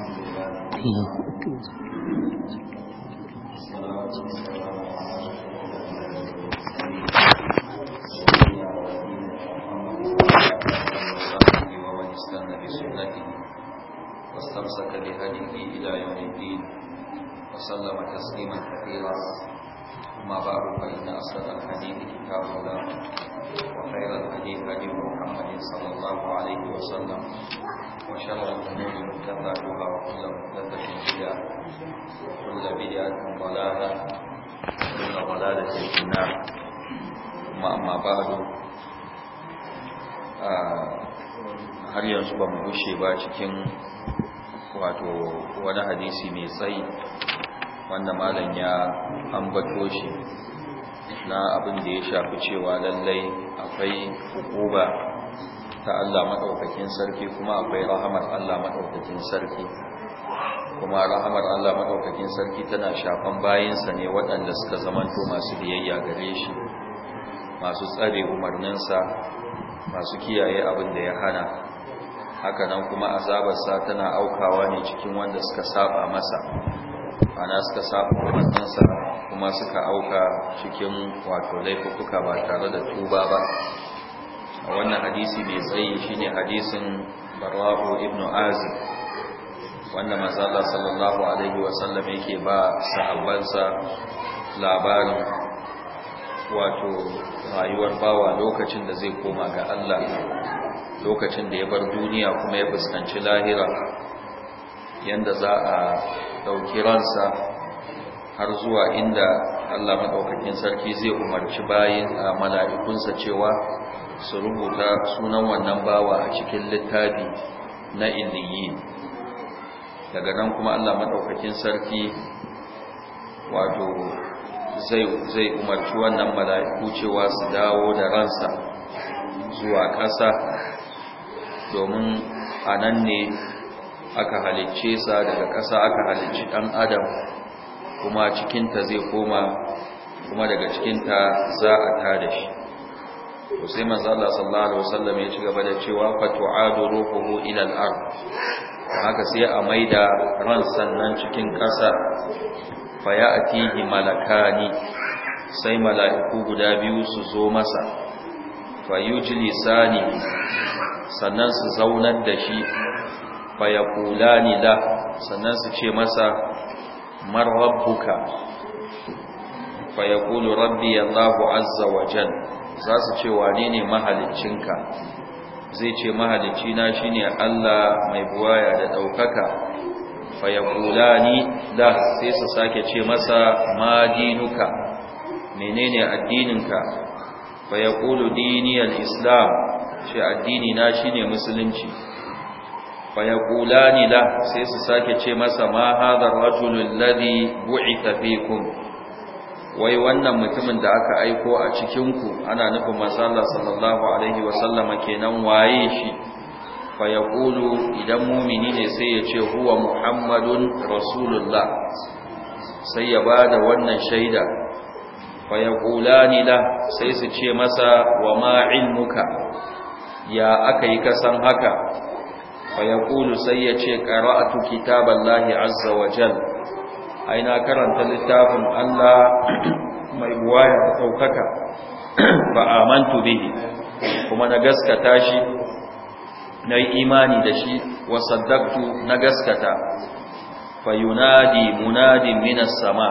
الله أكبر واستمسك بهديه إلى يوم الدين وسلم تسليما كثيرا أما بعد فإن أصدق الحديث كتاب الله وخير الحديث هدي محمد صلى الله عليه وسلم وشر الأمور محدثاتها وكل محدثة بدعة وكل بدعة ضلالة وكل ضلالة في النار ثم أما بعد har yanzu ba mu gushe ba cikin wato wani hadisi mai tsayi wanda malam ya ambato shi na abin da ya shafi cewa lallai akwai hukuba ta Allah maɗaukakin sarki kuma akwai rahamar Allah maɗaukakin sarki kuma rahamar Allah maɗaukakin sarki tana shafan bayansa ne waɗanda suka zamanto masu biyayya gare shi masu tsare umarninsa masu kiyaye abin da ya hana haka nan kuma azabarsa tana aukawa ne cikin wanda suka saba masa ana suka saba umarninsa kuma suka auka cikin wato laifuka ba tare da tuba ba a wannan hadisi mai tsayi shine hadisin bara'u ibn azib wanda mazala sallallahu alaihi wasallam yake ba sahabbansa labarin wato rayuwar bawa lokacin da zai koma ga Allah lokacin da ya bar duniya kuma ya fuskanci lahira yanda za a ɗauki ransa har zuwa inda Allah maɗaukakin sarki zai umarci bayin a mala'ikunsa cewa su rubuta sunan wannan bawa a cikin littafi na illiyin daga nan kuma Allah madaukakin sarki wato zai zai umarci wannan mala'iku cewa su dawo da ransa zuwa ƙasa domin a nan ne aka halicce sa daga ƙasa aka halicci ɗan adam kuma cikinta zai koma kuma daga cikinta za a tada shi sai manzo Allah sallallahu alaihi wasallam ya ci gaba da cewa fa tu'adu ruhuhu ila al-ard haka sai a maida ran sannan cikin ƙasa fa ya'tihi malakani sai mala'iku guda biyu su zo masa fa yujlisani sannan su zaunar da shi fa yaqulani la sannan su ce masa mar rabbuka fa yaqulu rabbi Allahu azza wa jalla za su ce wane ne mahalicinka zai ce mahalicina shine Allah mai buwaya da ɗaukaka ni da sai su sake ce masa madinuka menene addininka fayakulu dini al-islam shi addini na shine musulunci ni da sai su sake ce masa ma haɗar ar ladi alladhi bu'itha wai wannan mutumin da aka aiko a cikinku ana nufin masallar sallallahu alaihi wasallama kenan waye shi fa ya idan mumini ne sai ya ce huwa muhammadun rasulullah sai ya ba da wannan shaida fa ya la sai su ce masa wa ma ilmuka ya aka yi kasan haka fa ya sai ya ce ƙara'atu kitaballahi azza wa jalla aina karanta littafin Allah mai buwaya da ɗaukaka ba amantu bihi kuma na gaskata shi na yi imani da shi wa saddaktu na gaskata fa yunadi munadin minas sama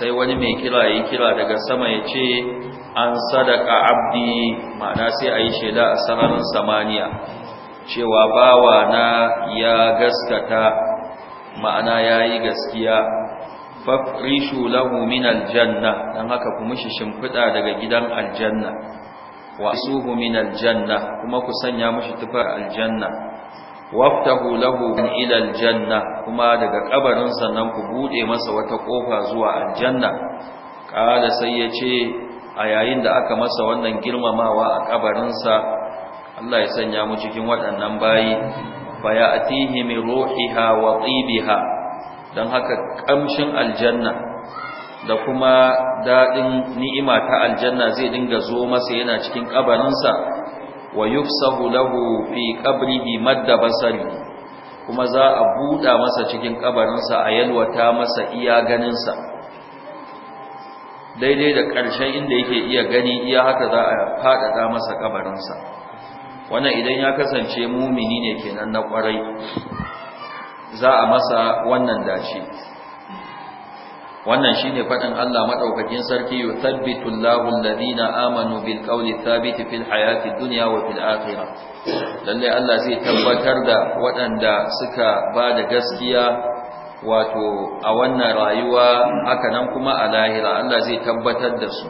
sai wani mai kira yi kira daga sama ya ce an sadaka abdi ma'ana sai a yi shaida a sararin samaniya cewa bawa na ya gaskata ma'ana ya yi gaskiya fafrishu lahu min aljanna dan haka ku mushi shimfida daga gidan aljanna wa suhu min aljanna kuma ku sanya mushi tufar aljanna waftahu lahu ila aljanna kuma daga kabarin sannan ku bude masa wata kofa zuwa aljanna kala sai yace a yayin da aka masa wannan girmamawa a kabarin sa Allah ya sanya mu cikin waɗannan bayi fa ya'tihi min ruhiha wa tibiha don haka ƙamshin aljanna da kuma daɗin ni'ima ta aljanna zai dinga zo masa yana cikin ƙabarinsa wa yufsahu lahu fi qabrihi madda basari kuma za a buɗa masa cikin ƙabarinsa a yalwata masa iya ganinsa daidai da ƙarshen inda yake iya gani iya haka za a faɗaɗa masa ƙabarinsa wannan idan ya kasance mumini ne kenan na ƙwarai za a masa wannan dace wannan shine fadin Allah madaukakin sarki yuthabbitu Allahu alladhina amanu bil qawli thabit fil hayati dunya wa fil akhirah lalle Allah zai tabbatar da waɗanda suka ba da gaskiya wato a wannan rayuwa haka nan kuma a lahira Allah zai tabbatar da su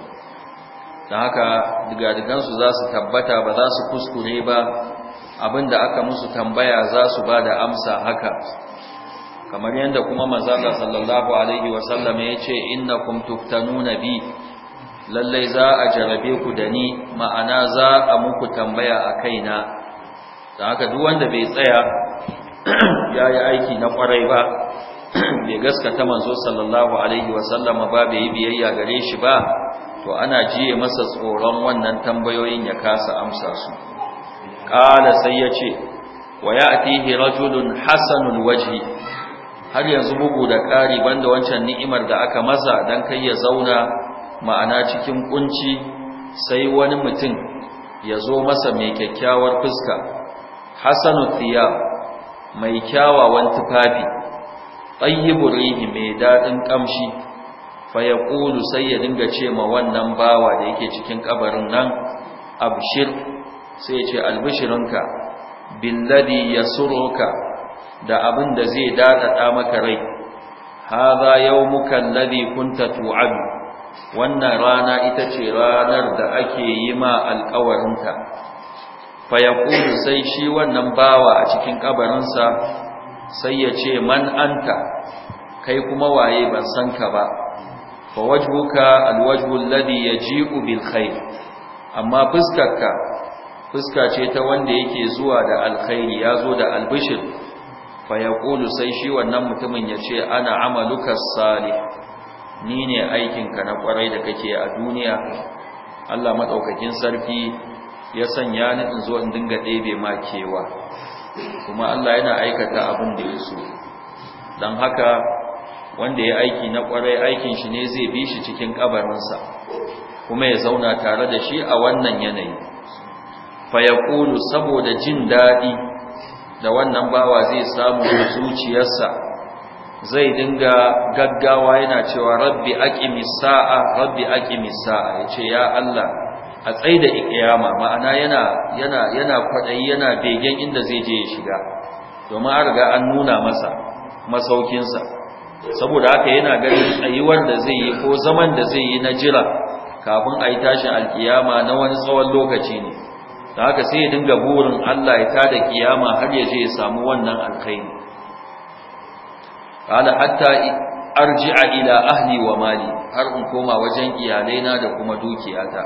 dan haka digadigan su za su tabbata ba za su kuskure ba abinda aka musu tambaya za su ba da amsa haka kamar yadda kuma manzala sallallahu alaihi wasallam ya ce innakum tuftanuna bi lallai za a jarabe ku da ni ma'ana za a muku tambaya a kaina da haka duk wanda bai tsaya ya yi aiki na kwarai ba bai gaskata manzo sallallahu alaihi wasallama ba bai yi biyayya gare shi ba to ana jiye masa tsoron wannan tambayoyin ya kasa amsa su ƙala sai ya ce wa yatihi rajulun hasanul wajhi har yanzu bugu da ƙari banda wancan ni'imar da aka masa don kai ya zauna ma'ana cikin kunci sai wani mutum ya zo masa mai kyakkyawar fuska hasanu tiya mai kyawawan tufafi tayyibur rihi mai daɗin ƙamshi Faya ƙulu sai ya dinga ce ma wannan bawa da yake cikin kabarin nan abshir sai ya ce albishirinka billadi yasuruka da abin da zai dadada maka rai hadha yawmuka alladhi kunta tu'ad wannan rana ita ce ranar da ake yi ma alƙawarinta fa yaqulu sai shi wannan bawa a cikin kabarinsa sai ya ce man anta kai kuma waye ban san ka ba fa wajhuka alwajhu alladhi yaji'u bil khair amma fuskarka fuska ce ta wanda yake zuwa da alkhairi yazo da albishir fa sai shi wannan mutumin ya ce ana amaluka salih ni ne aikinka na kwarai da kake a duniya Allah maɗaukakin sarki ya sanya ni in zo in dinga ɗebe ma kewa kuma Allah yana aikata abin da ya so don haka wanda ya aiki na kwarai aikin shi ne zai bi shi cikin ƙabarinsa. kuma ya zauna tare da shi a wannan yanayi fa saboda jin daɗi da wannan bawa zai samu zuciyarsa zai dinga gaggawa yana cewa rabbi aqimi sa'a rabbi aqimi sa'a yace ya Allah a tsaida ikiyama ma'ana yana yana yana kwadayi yana begen inda zai je ya shiga domin an riga an nuna masa masaukin sa saboda haka yana ganin tsayuwar da zai yi ko zaman da zai yi na jira kafin a yi tashin alkiyama na wani tsawon lokaci ne da haka sai ya dinga burin Allah ya tada kiyama har ya je ya samu wannan alkhairi qala hatta arji'a ila ahli wa mali har in koma wajen iyalaina da kuma dukiyata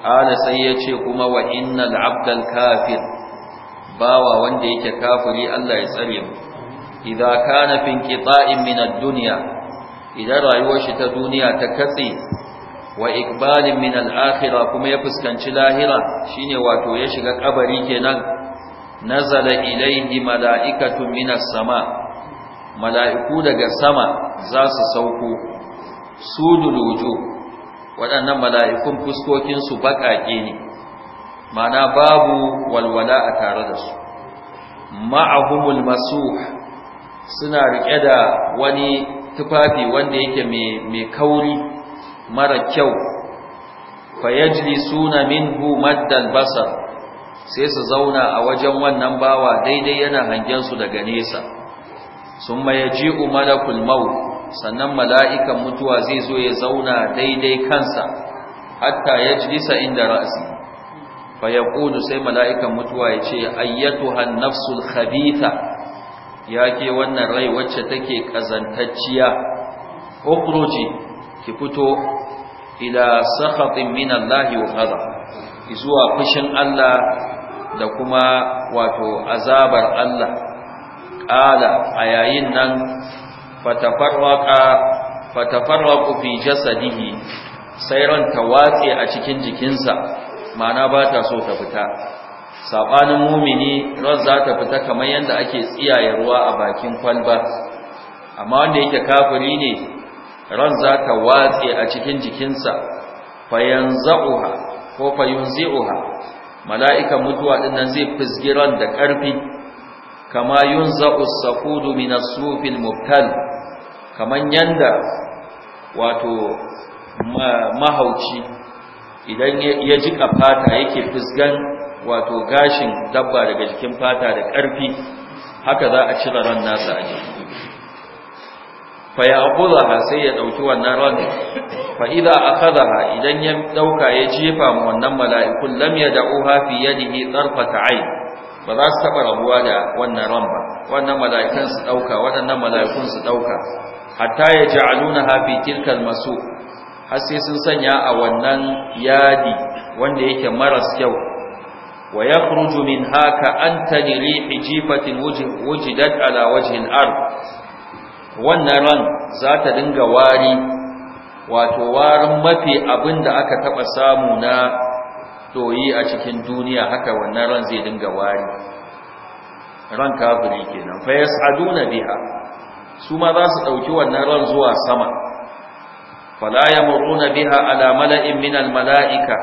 qala sai ya ce kuma wa innal abdal kafir bawa wanda yake kafiri Allah ya tsare mu idza kana fi inqita'in min ad-dunya idan rayuwar shi ta duniya ta katse wa ikbali min al kuma ya fuskanci lahira shine wato ya shiga kabari kenan nazala ilayhi mala'ikatu minas sama mala'iku daga sama za su sauko sudul wujuh waɗannan mala'ikun fuskokin su baƙaƙe ne mana babu walwala a tare da su ma'ahumul masuh suna rike da wani tufafi wanda yake mai kauri mara kyau fayajlisuna minhu maddal basar sai su zauna a wajen wannan bawa daidai yana hangen su daga nesa sun mai ji umara kulmau, sannan mala'ikan mutuwa zai zo ya zauna daidai kansa hatta yajlisa inda ra'si ƙudu sai mala'ikan mutuwa ya ce ayyatuha nafsul khabitha ya ke wannan rai wacce take ƙazantacciya. ukhruji ki fito ila sakhatin min Allahi wa ghadab zuwa fushin Allah da kuma wato azabar Allah qala a yayin nan fatafarraqa fatafarraqu fi jasadihi sai ran ta a cikin jikinsa mana ba ta so ta fita sabanin mumini ran za ta fita kamar yanda ake tsiyaye ruwa a bakin kwalba amma wanda yake kafiri ne ran za ka watse a cikin jikinsa fayanza'uha ko fayunzi'uha mala'ikan mutuwa din nan zai fizgi ran da ƙarfi kama yunza'u sakudu min as-sufil mubtal kaman yanda wato mahauci idan ya jiƙa fata yake fisgan wato gashin dabba daga jikin fata da ƙarfi haka za a cire ran nasa a jiki fa ya'khudha sai ya dauki wannan ran fa idza akhadha idan ya dauka ya jefa mu wannan mala'ikun lam yad'uha fi yadihi tarfat ayn ba za su taba rabuwa da wannan ran ba wannan mala'ikun su dauka waɗannan mala'ikun su dauka hatta ya ja'alunaha fi tilkal masu har sai sun sanya a wannan yadi wanda yake maras kyau wa yakhruju haka ka antani rihi jifatin wujidat ala wajhi al-ard wannan ran za ta dinga wari wato warin mafi abin da aka taɓa samu na doyi a cikin duniya haka wannan ran zai dinga wari ran kafiri kenan fa yas'aduna biha su ma za su ɗauki wannan ran zuwa sama fala yamuruna biha ala mala'in min al mala'ika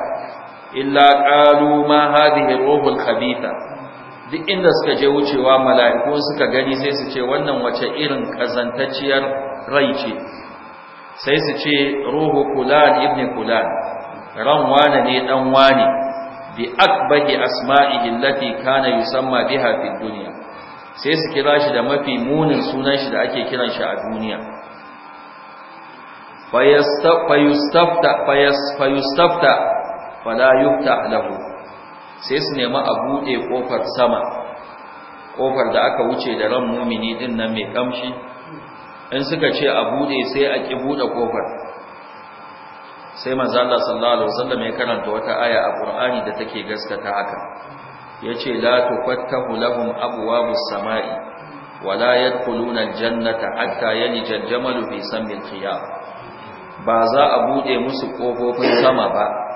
illa qalu ma hadhihi ruhul khabitha duk inda suka je wucewa mala'iku suka gani sai su ce wannan wace irin kazantacciyar rai ce sai su ce ruhu kulan ibn kulan ran wane ne dan wane bi akbahi Asma'i, allati kana yusamma biha fi dunya sai su kira shi da mafi munin sunan shi da ake kiran shi a duniya fayastafta fayastafta fala yufta lahu sai su nemi a buɗe ƙofar sama ƙofar da aka wuce da ran mumini ɗin nan mai ƙamshi in suka ce a buɗe sai a ƙi buɗe ƙofar sai manzo Allah sallallahu alaihi wasallam ya karanta wata aya a Qur'ani da take gaskata haka yace la tufattahu lahum abwabus samai wala yadkhuluna aljannata hatta yalija aljamalu fi sammi alqiyam ba za a bude musu ƙofofin sama ba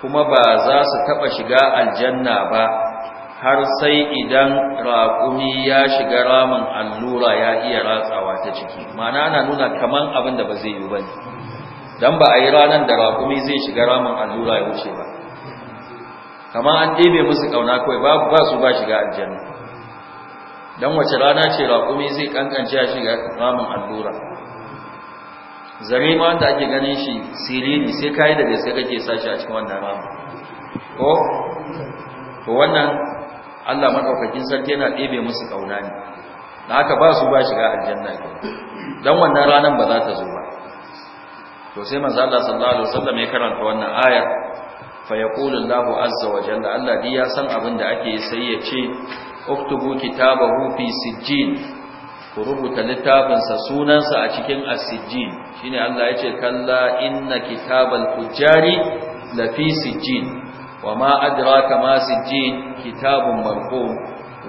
kuma ba za su taɓa shiga aljanna ba har sai idan raƙumi ya shiga ramin allura ya iya ratsawa ta ciki mana na nuna kaman abin da ba zai yi ba ne don ba a yi ranar da raƙumi zai shiga ramin allura ya wuce ba kama an ɗebe musu kauna kawai ba su ba shiga aljanna don wace rana ce raƙumi zai ƙanƙance ya shiga ramin allura zare ma ake ganin shi siriri sai kayi da gaske kake sa shi a cikin wannan ramu ko to wannan Allah madaukakin sarki yana ɗebe musu kauna ne da haka ba su ba shiga aljanna ne dan wannan ranan ba za ta zo ba to sai manzo Allah sallallahu alaihi wasallam ya karanta wannan aya fa yaqulu Allahu azza wa jalla Allah dai ya san abin da ake sai ya ce uktubu kitabahu fi sijjin ku rubuta littafinsa sunansa a cikin asijin shine Allah yace kalla inna kitabal kujari lafi wa wama adraka ma sijjin kitabun marqum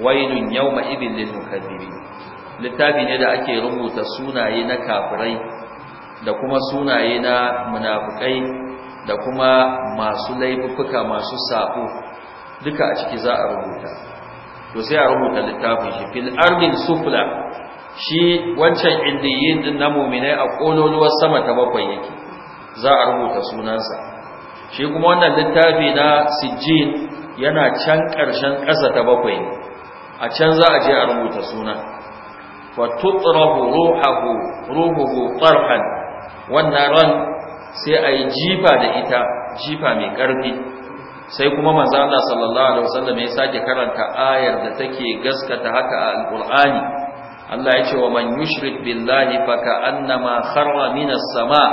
wailun yawma idin lil mukaththibin littafi ne da ake rubuta sunaye na kafirai da kuma sunaye na munafukai da kuma masu laifuka masu sabo duka a ciki za a rubuta to sai a rubuta littafin shi fil ardin sufla shi wancan indiyin din na muminai a kololuwar sama ta bakwai yake za a rubuta sunansa shi kuma wannan littafi na sijjin yana can ƙarshen ƙasa ta bakwai a can za a je a rubuta sunan wa tutrahu ruhuhu ruhuhu qarhan wannan ran sai a yi jifa da ita jifa mai ƙarfi sai kuma manzo Allah sallallahu alaihi wasallam ya sake karanta ayar da take gaskata haka a alqur'ani Allah ya ce wa man yushrik billahi fa ka'annama kharra minas sama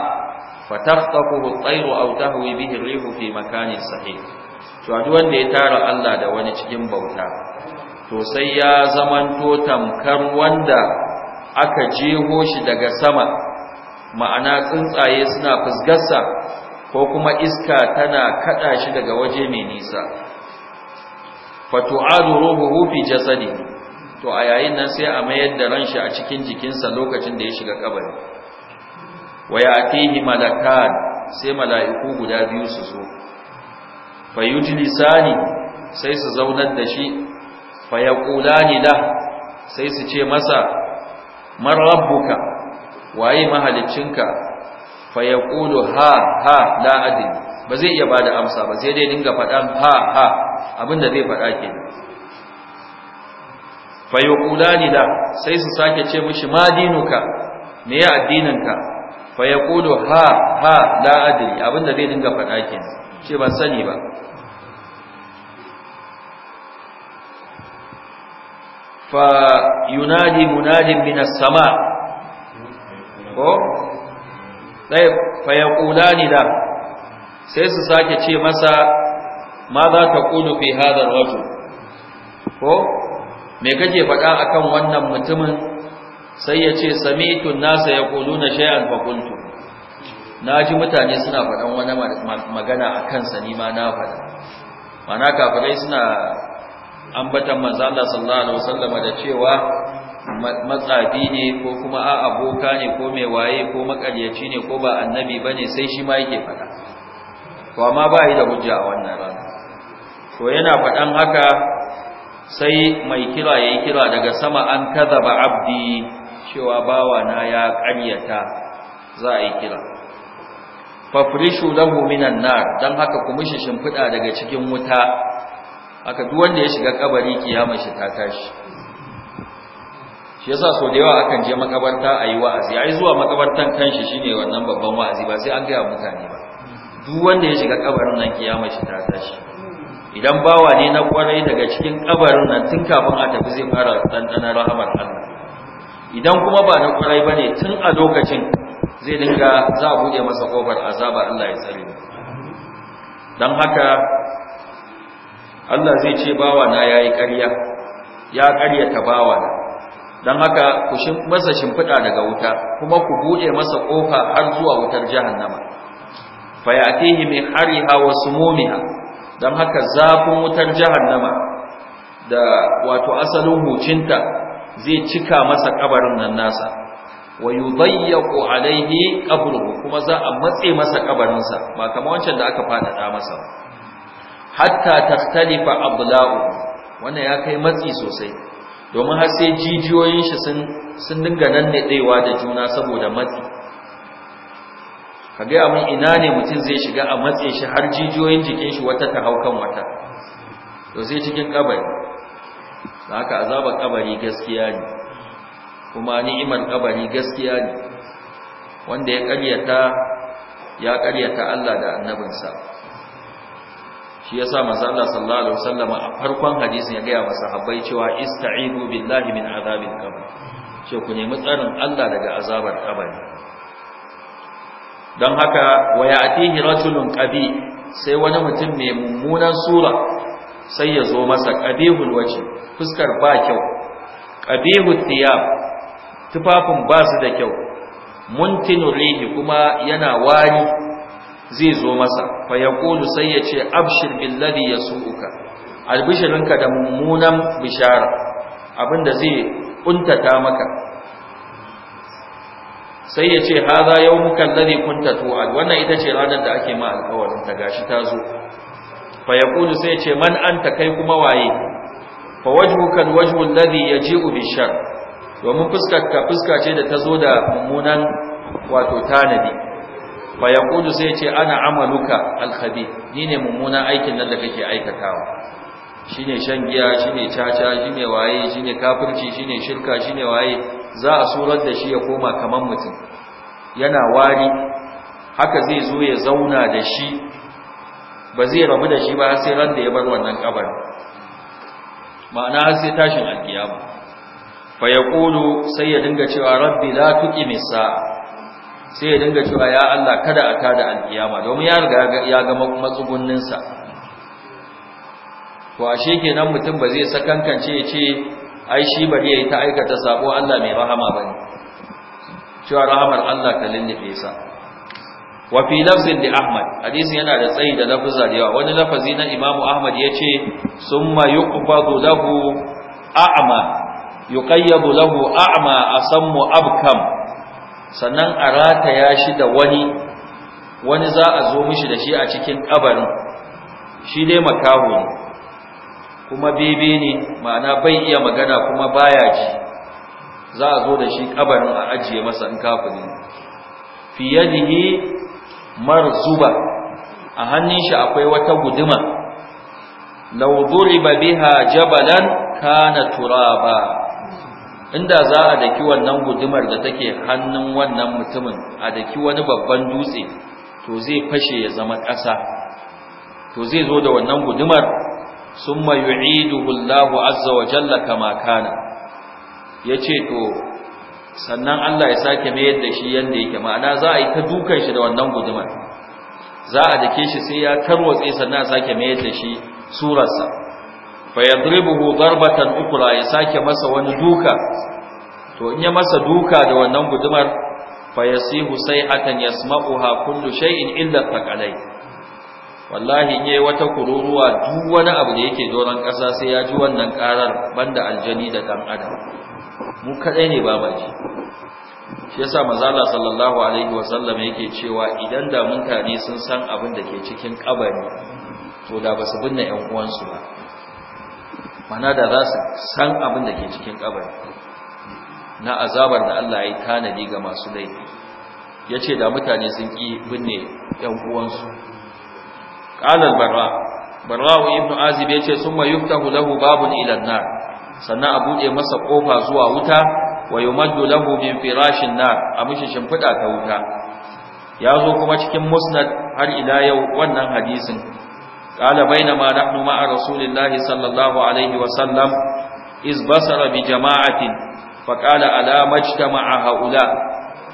fa tartaquhu at-tayru aw tahwi bihi ar-rihu fi makanin sahih to duk wanda ya tara Allah da wani cikin bauta to sai ya zamanto tamkar wanda aka jeho shi daga sama ma'ana tsuntsaye suna fusgarsa ko kuma iska tana kada shi daga waje mai nisa fa tu'adu ruhuhu fi jasadihi to a yayin nan sai a mayar da ran shi a cikin jikinsa lokacin da ya shiga kabari wa atihi malakan sai mala'iku guda biyu su zo fa yujlisani sai su zaunar da shi fa yaqulani la sai su ce masa man rabbuka waye mahaliccinka fa yaqulu ha ha la adri ba zai iya bada amsa ba sai dai dinga faɗan ha ha abinda zai faɗa kenan fa yaqulani la sai su sake ce mishi ma dinuka me ya addininka fa yaqulu ha ha la adri abinda zai dinga fada kenan ce ban sani ba fa yunadi munadin minas sama ko sai fa yaqulani la sai su sake ce masa ma za ta kulu fi hadha ar-rajul ko me kake faɗa akan wannan mutumin sai ya ce sami'tu nasa na shay'an fa Na ji mutane suna faɗan wani magana akan sa ni ma na faɗa mana kafirai suna ambatan manzo Allah sallallahu alaihi wasallama da cewa matsafi ne ko kuma a aboka ne ko mai waye ko makaryaci ne ko ba annabi bane sai shi ma yake faɗa to amma ba yi da hujja a wannan rana to yana faɗan haka sai mai kira yayi kira daga sama an kadaba abdi cewa bawa na ya ƙaryata za a yi kira fafrishu lahu minan nar dan haka ku mishi shimfida daga cikin wuta aka duk wanda ya shiga kabari kiyama shi ta tashi shi yasa so da yawa akan je makabarta ayi wa'azi ai zuwa makabartan kanshi shine wannan babban wa'azi ba sai an ga mutane ba duk wanda ya shiga kabarin nan kiyama shi ta tashi idan bawa ne na kwarai daga cikin kabarin nan tun kafin a tafi zai fara dandanar rahamar Allah idan kuma ba na kwarai bane tun a lokacin zai dinga za a bude masa kofar azaba Allah ya tsare dan haka Allah zai ce bawa na yayi ƙarya ya ta bawa na dan haka ku shin masa shimfida daga wuta kuma ku bude masa kofa har zuwa wutar jahannama fayatihi min hariha wa sumumiha don haka zafin wutar jahannama da wato asalin hucinta zai cika masa kabarin nan nasa wa yudayyaqu ne, qabruhu kuma za a matse masa kabarinsa ba kamar wancan da aka faɗaɗa masa hatta takhtalifa abla'u wannan ya kai matsi sosai domin har sai jijiyoyin shi sun sun dinga nan da juna saboda matsi ka gaya mun ina ne mutum zai shiga a matse shi har jijiyoyin jikin shi wata ta hau wata to sai cikin kabari da haka azabar kabari gaskiya ne kuma ni'imar kabari gaskiya ne wanda ya karyata ya karyata Allah da annabinsa shi yasa manzo Allah sallallahu alaihi wasallam a farkon hadisin ya gaya wa sahabbai cewa ista'idu billahi min azabil qabr ce ku nemi tsarin Allah daga azabar kabari don haka wa ya'tihi rajulun ƙabi sai wani mutum mai mummunan sura sai ya zo masa qabihul waji fuskar ba kyau qabihul thiyab tufafin ba su da kyau muntinul rihi kuma yana wari zai zo masa fa ya Kulu sai ya ce abshir ya yasuuka albishirinka da mummunan bishara abinda zai ƙuntata maka sai ya ce haza yawmuka kun kunta tu'ad wannan ita ce ranar da ake ma alƙawarin ta gashi ta zo fa kudu sai ya ce man an ta kai kuma waye fa wajhuka alwajhu alladhi yaji'u bishar domin fuskar fuska ce da ta zo da mummunan wato tanadi fa kudu sai ya ce ana amaluka alkhabi ni ne mummunan aikin nan da kake aikatawa shine shan giya shine caca shine waye shine kafirci shine shirka shine waye za a surar da shi ya koma kamar mutum yana wari haka zai zo ya zauna da shi ba zai rabu da shi ba sai ran da ya bar wannan kabar ma'ana har sai tashin alkiyama fa kulu sai ya dinga cewa rabbi la tuqi misa, sai ya dinga cewa ya Allah kada a tada alkiyama domin ya riga ya ga matsugunninsa. to ashe kenan mutum ba zai sakankance ya ce ai shi bari yayi ta aikata sabo Allah mai rahama bane cewa rahamar Allah ka linnife sa wa fi lafzin li Ahmad hadisin yana da tsayi da lafza da yawa wani lafazi na Imam Ahmad yace summa yuqbadu lahu a'ma yuqayyabu lahu a'ma asammu abkam sannan a rataya shi da wani wani za a zo mishi da shi a cikin kabarin shi dai makaho ne kuma bebe ne ma'ana bai iya magana kuma baya ji za a zo da shi kabarin a ajiye masa in kafin fi yadihi marzuba a hannun shi akwai wata guduma law duriba biha jabalan kana turaba inda za a daki wannan gudumar da take hannun wannan mutumin a daki wani babban dutse to zai fashe ya zama ƙasa to zai zo da wannan gudumar summa yu'iduhu Allahu azza wa jalla kama kana yace to sannan Allah ya sake mayar da shi yanda yake ma'ana za a yi ta dukan shi da wannan gudumar za a dake shi sai ya tarwatse sannan a sake mayar da shi surarsa fa yadribuhu darbatan ukra ya sake masa wani duka to in ya masa duka da wannan gudumar fa yasihu sayhatan yasma'uha kullu shay'in illa taqalai wallahi in yi wata kururuwa duk wani abu da yake doron ƙasa sai ya ji wannan ƙarar banda aljani da dan adam mu kaɗai ne ba baji shi yasa manzo sallallahu alaihi wasallam yake cewa idan da mutane sun san abin da ke cikin kabari to da ba su binne ƴan uwansu ba mana da za su san abin da ke cikin kabari na azabar da Allah ya tanadi ga masu laifi yace da mutane sun ki binne ƴan uwansu qala barra barra Ibnu azib ce, sun yuftahu lahu babun ila an-nar sannan a bude masa kofa zuwa wuta wa yumaddu lahu min firashin nar a mishi shimfiɗa ta wuta ya zo kuma cikin musnad har ila yau wannan hadisin Ƙalibai bainama nahnu ma'a rasulillahi sallallahu alaihi wa sallam iz basara bi jama'atin فقال ألا ما اجتمع هؤلاء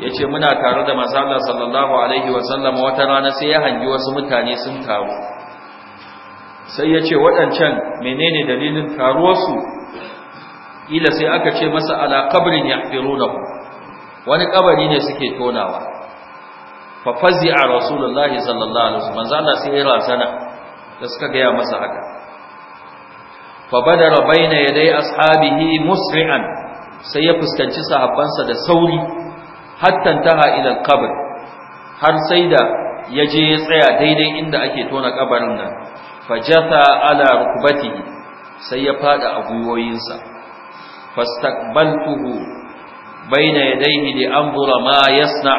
yace muna tare da manzo Allah sallallahu alaihi wa sallam wata rana sai ya hangi wasu mutane sun taru sai yace waɗancan menene dalilin taruwarsu ila sai aka ce masa ala qabrin yahfirunahu wani kabari ne suke tonawa fa fazi'a rasulullahi sallallahu alaihi wasallam manzo Allah sai ya razana da suka ga masa haka fa badara baina yaday ashabihi musri'an sai ya fuskanci sahabbansa da sauri hatta taha ila al-qabr har sai da ya je ya tsaya daidai inda ake tona kabarin nan fajatha ala rukbatihi sai ya fada a guyoyinsa fastaqbaltuhu baina yadayhi li anzura ma yasna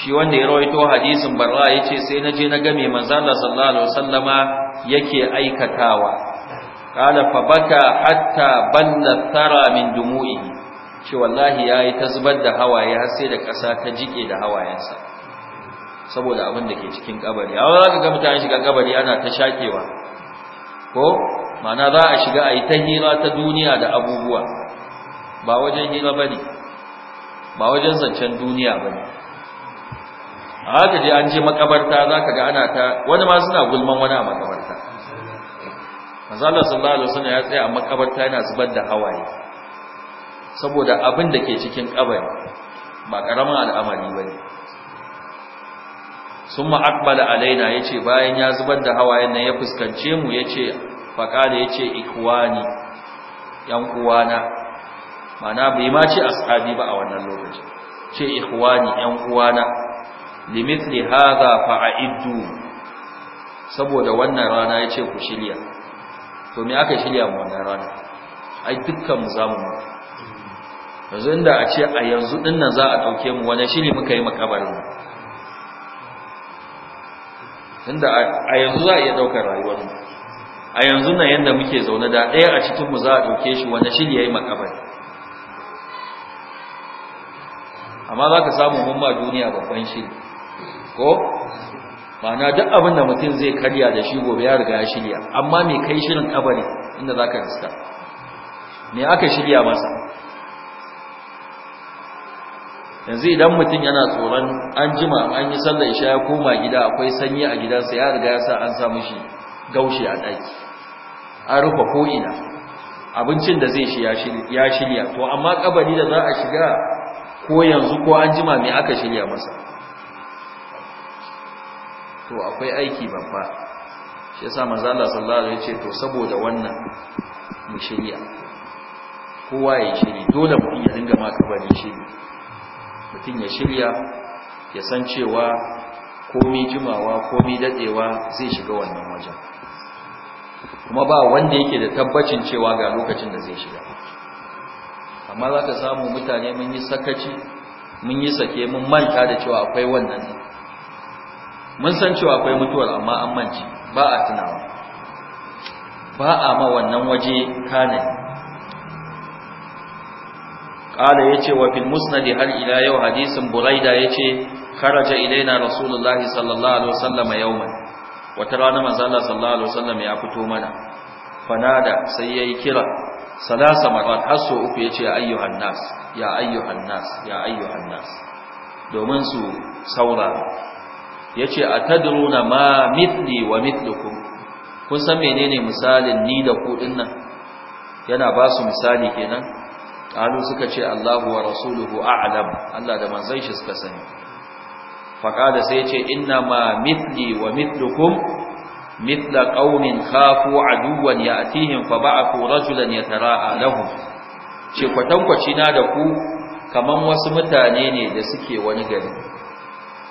shi wanda ya rawaito hadisin barra yace sai naje na ga mai manzon Allah sallallahu alaihi wasallama yake aikatawa qala fabaka hatta banna thara min dumu'ihi ce wallahi yi ta zubar da hawaye har sai da ƙasa ta jike da hawayensa saboda abin da ke cikin kabari a za ka ga mutane shiga kabari ana ta shakewa ko ma'ana za a shiga a yi ta hira ta duniya da abubuwa ba wajen hira ba ne ba wajen zancen duniya ba ne a haka dai an je makabarta za ka ga ana ta wani ma suna gulman wani a makabarta manzo Allah sallallahu alaihi wasallam ya tsaya a makabarta yana zubar da hawaye saboda abin da ke cikin kabari ba karaman al'amari bane summa aqbala alaina yace bayan ya zubar da hawayen nan ya fuskance mu yace faqala yace ikwani yan uwana mana bai ma ce ashabi ba a wannan lokaci ce ikwani yan uwana limithli hadha fa'iddu saboda wannan rana yace ku shirya to me aka shirya mu wannan rana ai dukkan mu zamu mutu yanzu inda a ce a yanzu dinnan za a dauke mu wani ne muka yi makabarin inda a yanzu za a iya daukar rayuwar mu a yanzu nan yanda muke zaune da ɗaya a cikin mu za a dauke shi wani ya yayi makabari amma za ka samu mumma duniya babban shiri ko ma'ana duk abin da mutum zai karya da shi gobe ya riga ya shirya amma me kai shirin kabari inda za ka riska me aka shirya masa yanzu idan mutum yana tsoron an jima an yi sallar isha ya koma gida akwai sanyi a gidansa ya riga ya sa an samu shi gaushe a ɗaki an rufe ko'ina abincin da zai shi ya shirya to amma kabari da za a shiga ko yanzu ko an jima mai aka shirya masa to akwai aiki babba shi yasa manzo Allah sallallahu alaihi wasallam ya ce to saboda wannan mu shirya kowa ya shiri dole mu iya dinga ma kabari shiri mutum ya shirya ya san cewa komi jimawa komi dadewa zai shiga wannan wajen kuma ba wanda yake da tabbacin cewa ga lokacin da zai shiga amma za ka samu mutane mun yi sakaci mun yi sake mun manta da cewa akwai wannan mun san cewa akwai mutuwar amma an manci ba a tunawa ba a ma wannan waje kanani قال يتي وفي المسند هل إلى يوم حديث بريدة يتي خرج إلينا رسول الله صلى الله عليه وسلم يوما وترانا ما زال صلى الله عليه وسلم يأفتو منا فنادى سيئي كرا ثلاث مرات حسو أكو يتي أيها الناس يا أيها الناس يا أيها الناس domin su saurara ya ce a tadruna ma mitli wa mitlukum kun san menene misalin ni da ku dinnan yana ba su misali kenan قالوا suka ce Allahu wa rasuluhu a'lam Allah da manzon shi suka sani faqala sai yace inna ma mithli wa mithlukum mithla qaumin khafu aduwan ya'tihim fa ba'athu rajulan yatara'a lahum ce kwatankwaci na da ku kaman wasu mutane ne da suke wani gari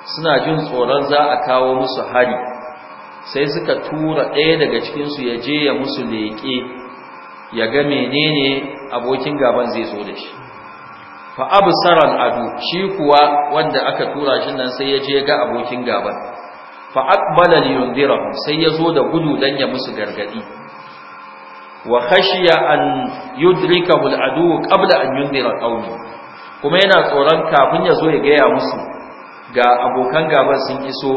suna jin tsoron za a kawo musu hari sai suka tura ɗaya daga cikinsu ya je ya musu leƙe ya ga menene abokin gaban zai zo da shi fa adu shi kuwa wanda aka tura shi nan sai ya je ga abokin gaban fa aqbala liyundirahum sai ya zo da gudu dan ya musu gargadi wa khashiya an yudrikahu al-adu qabla an yundira qaumi kuma yana tsoron kafin ya zo ya ga ya musu ga abokan gaban sun iso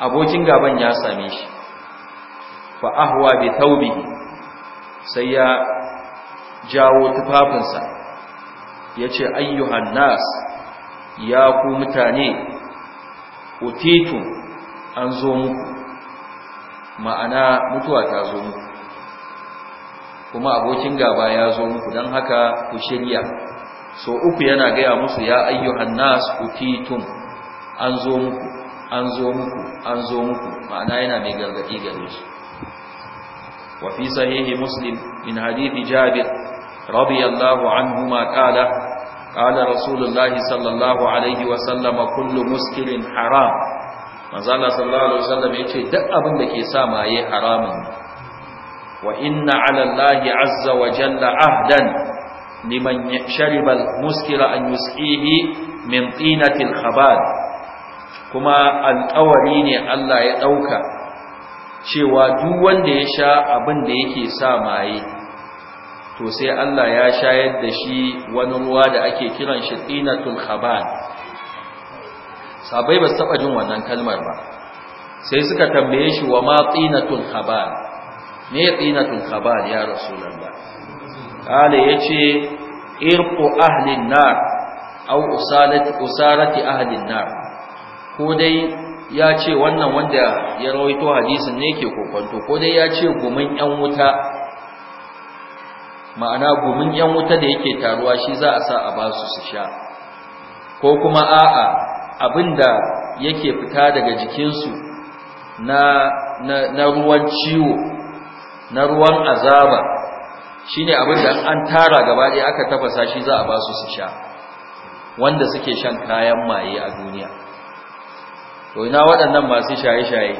abokin gaban ya same shi fa ahwa bi sai ya jawo tufafinsa ya ce ayyuhan nas ya ku mutane otitun an zo muku ma'ana mutuwa ta zo muku kuma abokin gaba ya zo muku don haka ku shirya so uku yana gaya musu ya ayyuhan nas utitum an zo muku an zo muku an zo muku ma'ana yana mai gargadi gare su wa fi sahihi muslim min hadithi jabir رضي الله عنهما قال قال رسول الله صلى الله عليه وسلم كل مسكر حرام manzala sallallahu alaihi yace duk abin da ke sa maye haramun wa inna ala allahi azza wa ahdan liman shariba muskira an yusqihi min tinati al kuma alƙawari ne Allah ya ɗauka. cewa duk wanda ya sha abin da yake sa maye to sai Allah ya shayar da shi wani ruwa da ake kiran shi tinatul khabar sabai ba su taba jin wannan kalmar ba sai suka tambaye shi wa ma tinatul khabar me tinatul khabar ya rasulullah kale yace irqu ahli nar aw usalati usarati ahli nar ko dai ya ce wannan wanda ya rawaito hadisin ne ke kokonto ko dai ya ce gumin yan wuta ma'ana gumin yan wuta da yake taruwa shi za a sa a ba su su sha ko kuma a'a abinda yake fita daga jikinsu na na ruwan ciwo na ruwan azaba shine abinda an tara gaba ɗaya aka tafasa shi za a ba su su sha wanda suke shan kayan maye a duniya to ina waɗannan masu shaye-shaye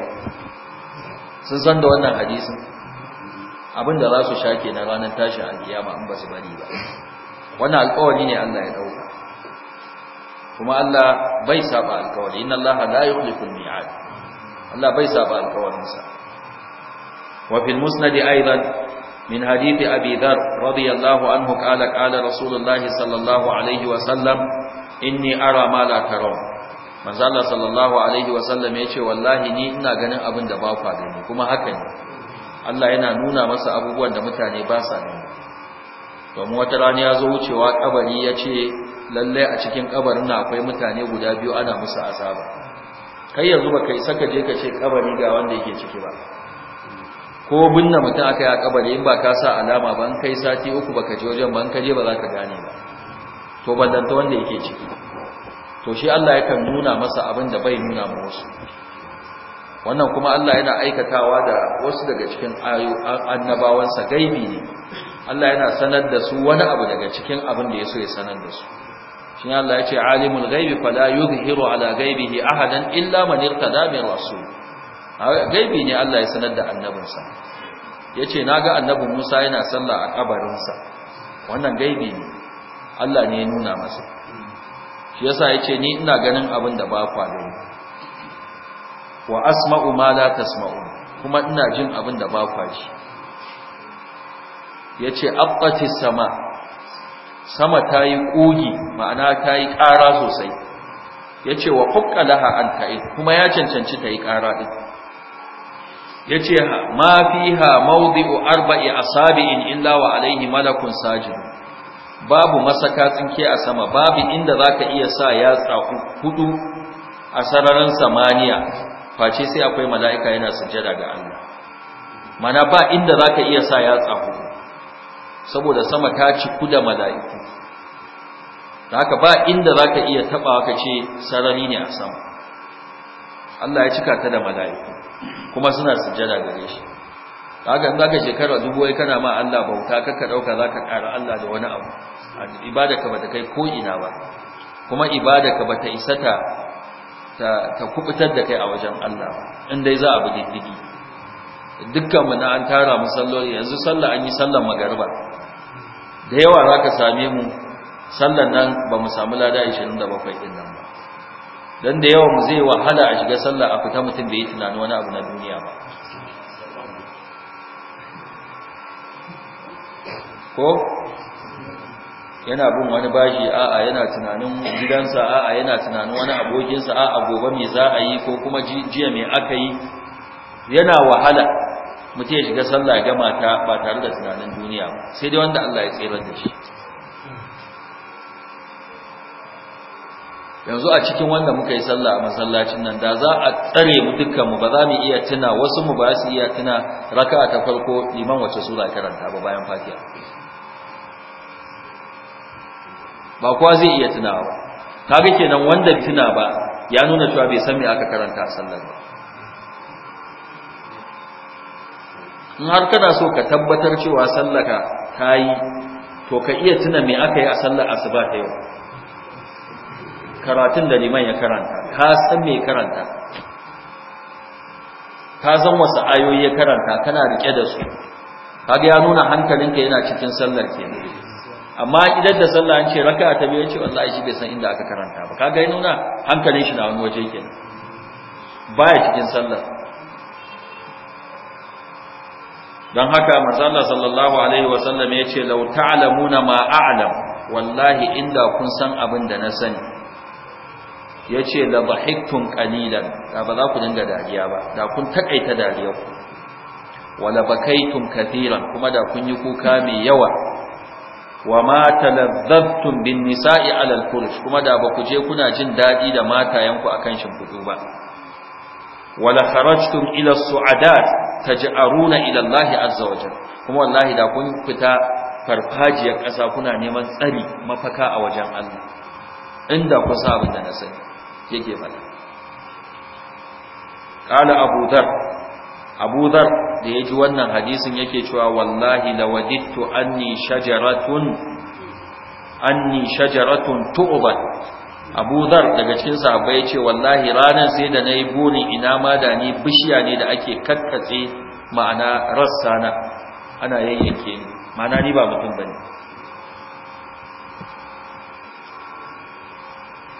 sun san da wannan hadisin abinda za su sha na ranar tashi a alkiyama in ba su bari ba wannan alƙawari ne Allah ya dauka kuma Allah bai saba alƙawari inna Allah la yukhliful mi'ad Allah bai saba alƙawarinsa wa fil musnad aidan min hadith abi dhar radiyallahu anhu qala qala rasulullah sallallahu alaihi wa sallam inni ara ma la tarawun manzo Allah sallallahu alaihi wa sallam yace wallahi ni ina ganin abin da ba ku gani kuma haka ne Allah yana nuna masa abubuwan da mutane ba sa ne domin wata rana ya zo wucewa kabari ya ce lalle a cikin kabarin na akwai mutane guda biyu ana musu azaba kai yanzu baka yi saka je ka ce kabari ga wanda yake ciki ba ko binne mutum aka yi a kabari in ba ka sa alama ba kai sati uku baka je wajen ba in ka je ba za ka gane ba to ballanta wanda yake ciki to shi Allah yakan nuna masa abin da bai nuna ma wasu wannan kuma Allah yana aikatawa da wasu daga cikin annabawansa gaibi ne Allah yana sanar da su wani abu daga cikin abin da ya so ya sanar da su shi Allah ya ce alimul gaibi fala yuzhiru ala gaibihi ahadan illa man irtada min rasul gaibi ne Allah ya sanar da annabinsa yace naga annabi Musa yana sallah a kabarinsa wannan gaibi ne Allah ne ya nuna masa shi yasa yace ni ina ganin abin da ba kwa gani wa asma'u ma la tasma'u kuma ina jin abin da ba kwa ji yace abqati sama sama ta yi kogi ma'ana ta yi ƙara sosai yace wa hukka laha an ta'id kuma ya cancanci ta yi ƙara din yace ma fiha mawdi'u arba'i asabi'in illa wa alaihi malakun sajid babu masaka tsinke a sama babu inda zaka iya sa yatsa hudu a sararin samaniya face sai akwai mala'ika yana sujjada ga Allah mana ba inda zaka iya sa yatsa saboda sama ta ciku da mala'iku da haka ba inda zaka iya taba ka ce sarari ne a sama Allah ya cika ta da mala'iku kuma suna sujjada gare shi haka in zaka shekara dubu wai kana ma Allah bauta ka dauka zaka ƙara Allah da wani abu ibada ka bata kai ko ina ba kuma ibada ka bata isata ta ta kubutar da kai a wajen Allah in dai za a bi diddigi dukkan na an tara mu salloli yanzu sallah an yi sallar magariba da yawa za ka same mu sallar nan ba mu samu lada 27 din nan ba dan da yawa mu zai wahala a shiga sallah a fita mutum bai yi tunani wani abu na duniya ba ko yana bin wani bashi a'a yana tunanin gidansa a'a yana tunanin wani abokinsa a gobe me za a yi ko kuma jiya mai aka yi yana wahala mutum ya shiga sallah ga mata ba tare da tunanin duniya ba sai dai wanda Allah ya tsira da shi yanzu a cikin wanda muka yi sallah a masallacin nan da za a tsare mu dukkan mu ba za mu iya tuna wasu mu ba su iya tuna raka'a ta farko liman wace sura karanta ba bayan fatiha ba kowa zai iya tunawa ba kaga kenan wanda tuna ba ya nuna cewa bai san me aka karanta a sallar ba in har kana so ka tabbatar cewa sallaka ta yi to ka iya tuna me aka yi a sallar asuba ta yau karatun da liman ya karanta ka san me karanta ka san wasu ayoyi ya karanta kana rike da su kaga ya nuna hankalinka yana cikin sallar kenan amma idan da sallah an ce raka'a ta biyu ce, wallahi shi bai san inda aka karanta ba kaga ya nuna hankalin shi na wani waje kenan baya cikin sallah dan haka manzo sallallahu alaihi wasallam yace law ta'lamuna ma a'lam wallahi inda kun san abin da na sani yace la dhahiktum qalilan da ba za ku dinga dariya ba da kun takaita dariya ku wala bakaitum kathiran kuma da kun yi kuka mai yawa wa ma talazzabtum bin nisa'i alal furush kuma da ba ku je kuna jin dadi da matayenku akan shimfudu ba wala kharajtum ila su'adat taj'aruna ila Allah azza wajal kuma wallahi da kun fita farfajiyar ƙasa kuna neman tsari mafaka a wajen Allah inda ku sa da na sani yake faɗa qala abu dhar abu da ya ji wannan hadisin yake cewa wallahi lawadittu anni shajaratun anni shajaratun tu'bat abu daga cikin sahabbai ya ce wallahi ranar sai da nayi burin ina ma da ni bishiya ne da ake kakkatse ma'ana rassana ana yayyanke ni ma'ana ni ba mutum bane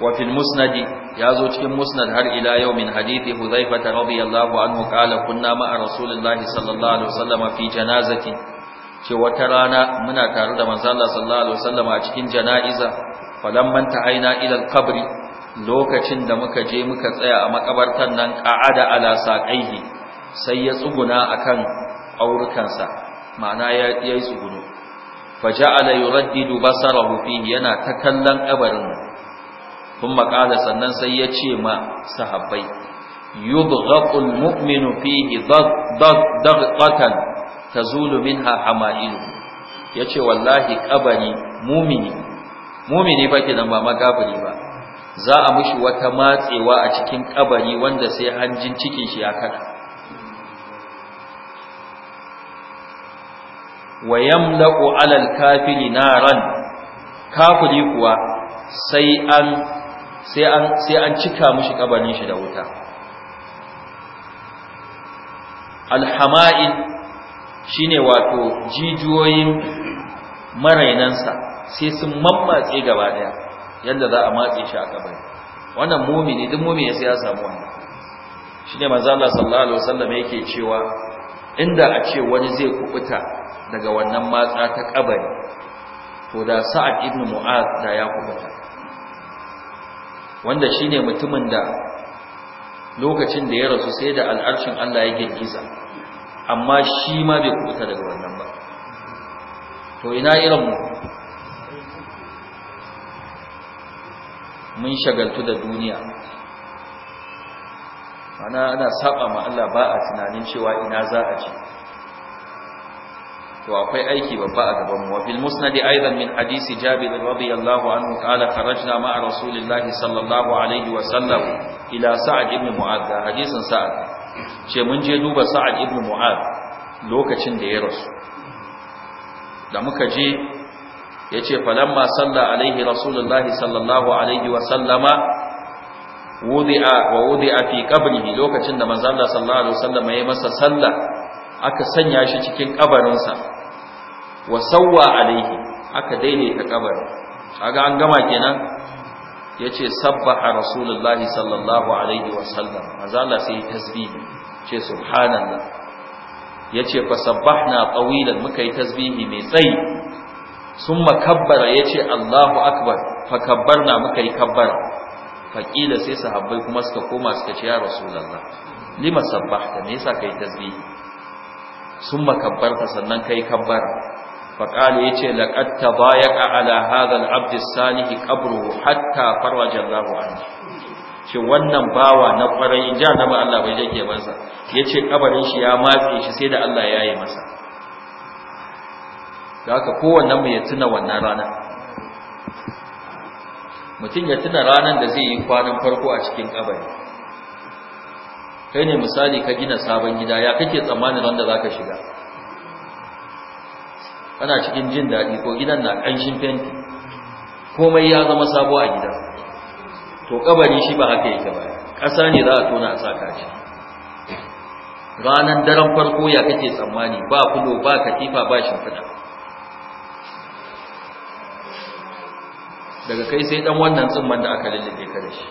وفي المسند يازو cikin musnad har ila yau min hadithi hudhaifa radhiyallahu anhu qala kunna ma rasulillahi sallallahu alaihi wasallam fi janazati ce wata rana muna tare da manzo Allah sallallahu alaihi wasallam a cikin janaiza falamman ta'aina ila alqabri lokacin da muka je muka tsaya a makabartan nan qa'ada ala saqaihi sai ya tsuguna akan aurukansa ma'ana ya yi tsuguno faja'ala yuraddidu basarahu fihi yana ta kallon kabarin kun maƙala sannan sai ya ce ma sahabbai yubghaqul mu'minu fihi daghqatan tazulu minha hamailu yace wallahi kabari mumini mumini ba kidan ba makafiri ba za a mishi wata matsewa a cikin ƙabari wanda sai hanjin cikin shi ya kada wa yamlaqu alal kafiri naran kafiri kuwa sai an sai an sai an cika mushi kabanin shi da wuta alhama'il shine wato jijiyoyin marainansa sai sun mammatse gaba daya yanda za a matse shi a kabari wannan mumini duk mumini sai ya samu wannan shine manzo Allah sallallahu alaihi wasallam yake cewa inda a ce wani zai kubuta daga wannan matsa ta kabari to da Sa'ad ibnu Mu'adh da ya kubuta wanda shine mutumin da lokacin da ya rasu sai da al'arshin Allah ya girgiza amma shi ma bai kubuta daga wannan ba to ina irin mu mun shagaltu da duniya ana ana saba ma Allah ba a tunanin cewa ina za a je to akwai aiki babba a gaban mu fil musnad aidan min hadisi jabir radiyallahu anhu qala kharajna ma'a rasulillahi sallallahu alaihi wa sallam ila sa'ad ibn mu'adh hadisin sa'ad ce mun je duba sa'ad ibn mu'adh lokacin da ya rasu da muka je yace falamma salla alaihi rasulullahi sallallahu alaihi wa sallama wudi'a wa wudi'a fi qabrihi lokacin da manzo Allah sallallahu alaihi wa ya masa sallah aka sanya shi cikin kabarinsa wa sawwa alaihi aka daidaita kabari kaga an gama kenan yace sabbaha rasulullahi sallallahu alaihi wa sallam. manzo Allah sai tasbihi ce subhanallah yace fa sabbahna qawilan muka yi tasbihi mai tsayi summa kabbara yace Allahu akbar fa kabbarna muka yi kabbara faqila sai sahabbai kuma suka koma suka ce ya rasulullah lima sabbahta me yasa kai tasbihi summa kabbarta sannan kai kabbara فقال يتي لقد تضايق على هذا العبد الصالح قبره hatta فرج الله عنه shi wannan bawa na kwarai jahannama Allah bai jake masa ce ƙabarin shi ya matse shi sai da Allah ya yi masa da haka kowannen mu ya tuna wannan ranar? mutum ya tuna ranar da zai yi kwanan farko a cikin ƙabari. kai ne misali ka gina sabon gida ya kake tsammanin ran za ka shiga kana cikin jin daɗi ko gidan na ƙanshin fenti komai ya zama sabo a gida to kabari shi ba haka yake ba ƙasa ne za a tona a saka shi ranar daren farko ya kake tsammani ba kulo ba katifa ba shimfiɗa daga kai sai ɗan wannan tsumman da aka lalle ka da shi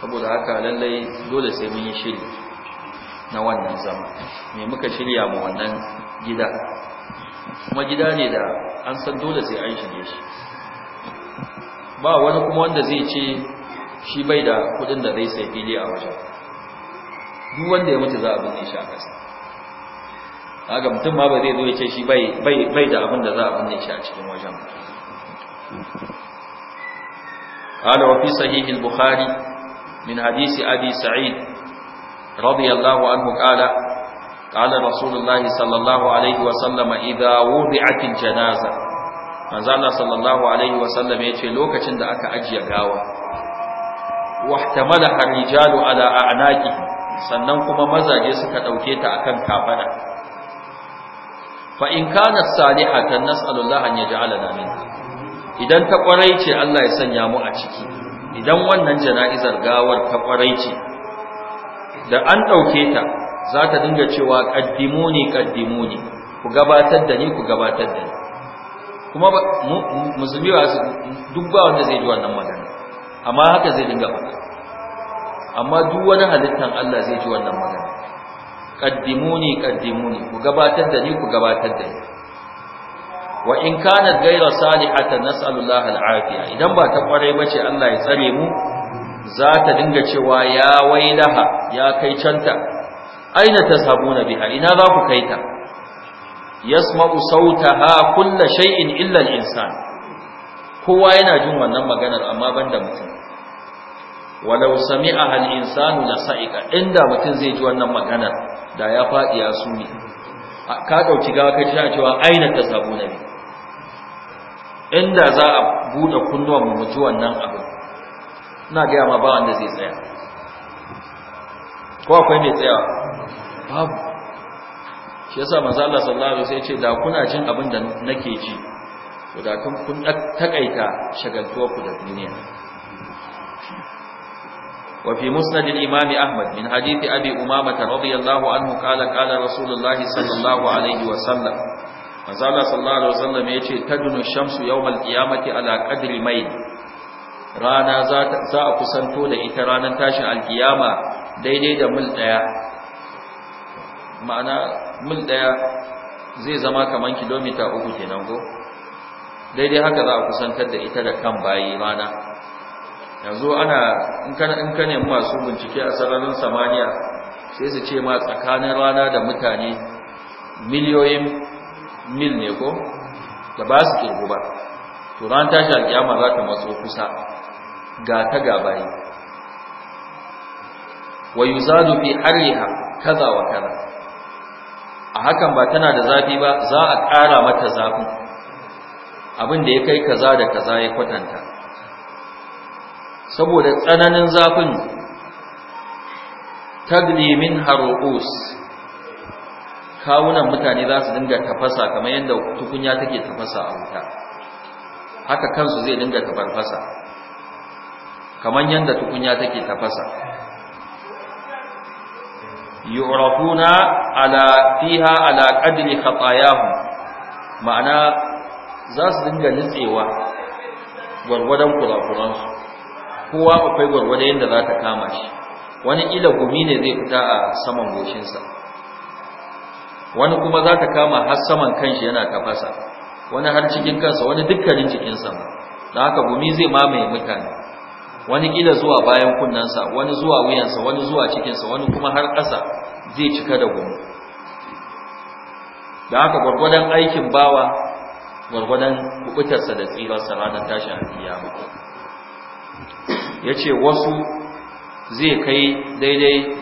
saboda haka lallai dole sai mun yi shiri na wannan zama me muka shirya mu wannan gida kuma gida ne da an san dole sai an shige shi ba wani kuma wanda zai ce shi bai da kudin da zai sai fili a wajen duk wanda ya mutu za a binne shi a ƙasa haka mutum ma ba zai zo ya ce shi bai da abin da za a binne shi a cikin wajen قال وفي صحيح البخاري من حديث أبي سعيد رضي الله عنه قال قال رسول الله صلى الله عليه وسلم إذا وضعت الجنازة manzo Allah sallallahu alaihi wasallam yace lokacin da aka ajiye gawa wahtamala ar-rijalu ala sannan kuma mazaje suka ɗauke ta akan kafada fa in kana salihatan nas'alullah an yaj'alana min idan ta kwarai ce Allah ya sanya mu a ciki idan wannan jana'izar gawar ta kwarai ce da an ɗauke ta za ta dinga cewa ƙaddimuni ƙaddimuni ku gabatar da ni ku gabatar da ni kuma musulmi ba su duk ba wanda zai ji wannan magana amma haka zai dinga faɗa amma duk wani halittan Allah zai ji wannan magana qaddimuni qaddimuni ku gabatar da ni ku gabatar da ni wa in kana ghayra salihatan nas'alullaha al'afiya idan ba ta kware bace Allah ya tsare mu za ta dinga cewa ya wailaha ya kai canta aina tasabuna biha ina za ku kai ta yasma'u sautaha kullu shay'in illa al-insan kowa yana jin wannan maganar amma banda mutum walau sami'aha al-insanu la sa'ika inda mutum zai ji wannan maganar da ya fadi ya sumi ka dauki gawa kai tana cewa aina tasabuna biha inda za a bude kunnuwan mu ji wannan abu ina gaya ma ba wanda zai tsaya ko akwai mai tsayawa babu shi yasa manzo Allah sallallahu alaihi wasallam ya ce da kuna jin abin da nake ji to da kun kun takaita shagaltuwar ku da duniya وفي مسند الإمام أحمد من حديث أبي أمامة رضي الله عنه قال قال رسول الله صلى الله عليه وسلم manzala sallallahu alaihi wasallam yace tadunu shamsu yawmal qiyamati ala qadri mayl rana za a kusanto da ita ranar tashin alkiyama daidai da mil daya ma'ana mil daya zai zama kaman kilomita uku kenan ko daidai haka za a kusantar da ita da kan bayi rana yanzu ana in ka nemi masu bincike a sararin samaniya sai su ce ma tsakanin rana da mutane miliyoyin mil ne ko da ba su ƙirgu ba turan tashi alkiyama za ta matso kusa ga ta gabayi wa yuzadu fi harriha kaza wa kaza a hakan ba tana da zafi ba za a ƙara mata zafin abin da ya kai kaza da kaza ya kwatanta saboda tsananin zafin tagli min harqus kawunan mutane za su dinga tafasa kamar yadda tukunya take tafasa a wuta haka kansu zai dinga tafarfasa kamar yadda tukunya take tafasa yu'rafuna ala fiha ala qadri khatayahum ma'ana za su dinga nitsewa gwargwadon su kowa akwai gwargwada yadda za ta kama shi wani ila gumi ne zai fita a saman goshinsa wani kuma za ta kama har saman kanshi yana tafasa wani har cikin kansa wani dukkanin jikinsa da haka gumi zai mamaye mutane wani kila zuwa bayan sa, wani zuwa wuyansa wani zuwa cikinsa wani kuma har ƙasa zai cika da gumu da haka gwargwadon aikin bawa gwargwadon kubutarsa da tsirarsa ranar tashin alkiyama ya ce wasu zai kai daidai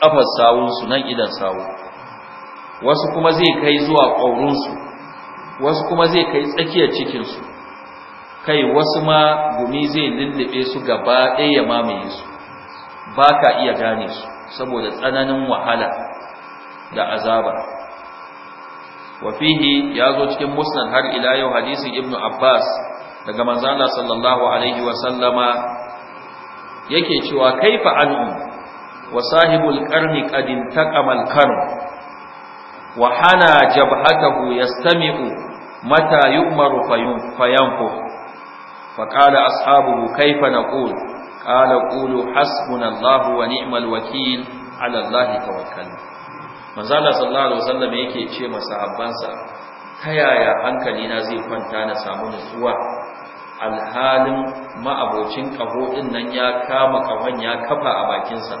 ƙafar sawunsu nan idan sawu wasu kuma zai kai zuwa ƙaurunsu wasu kuma zai kai tsakiyar cikinsu kai wasu ma gumi zai lullube su gaba ɗaya ya mamaye su ba ka iya gane su saboda tsananin wahala da azaba wafihi ya zo cikin musnad har ila yau hadisin ibnu abbas daga manzala sallallahu alaihi yake cewa kaifa an'u wa sahibul qarni qad intaqama al-qarn wa hana jabhatahu yastami'u mata yu'maru fayanfu فقال أصحابه كيف نقول قال قولوا حسبنا الله ونعم الوكيل على الله توكلنا manzala sallallahu alaihi wasallam yake ce masahabbansa ta yaya hankali na zai kwanta na samu nutsuwa alhalin ma'abocin kaho din nan ya kama kahon ya kafa a bakin sa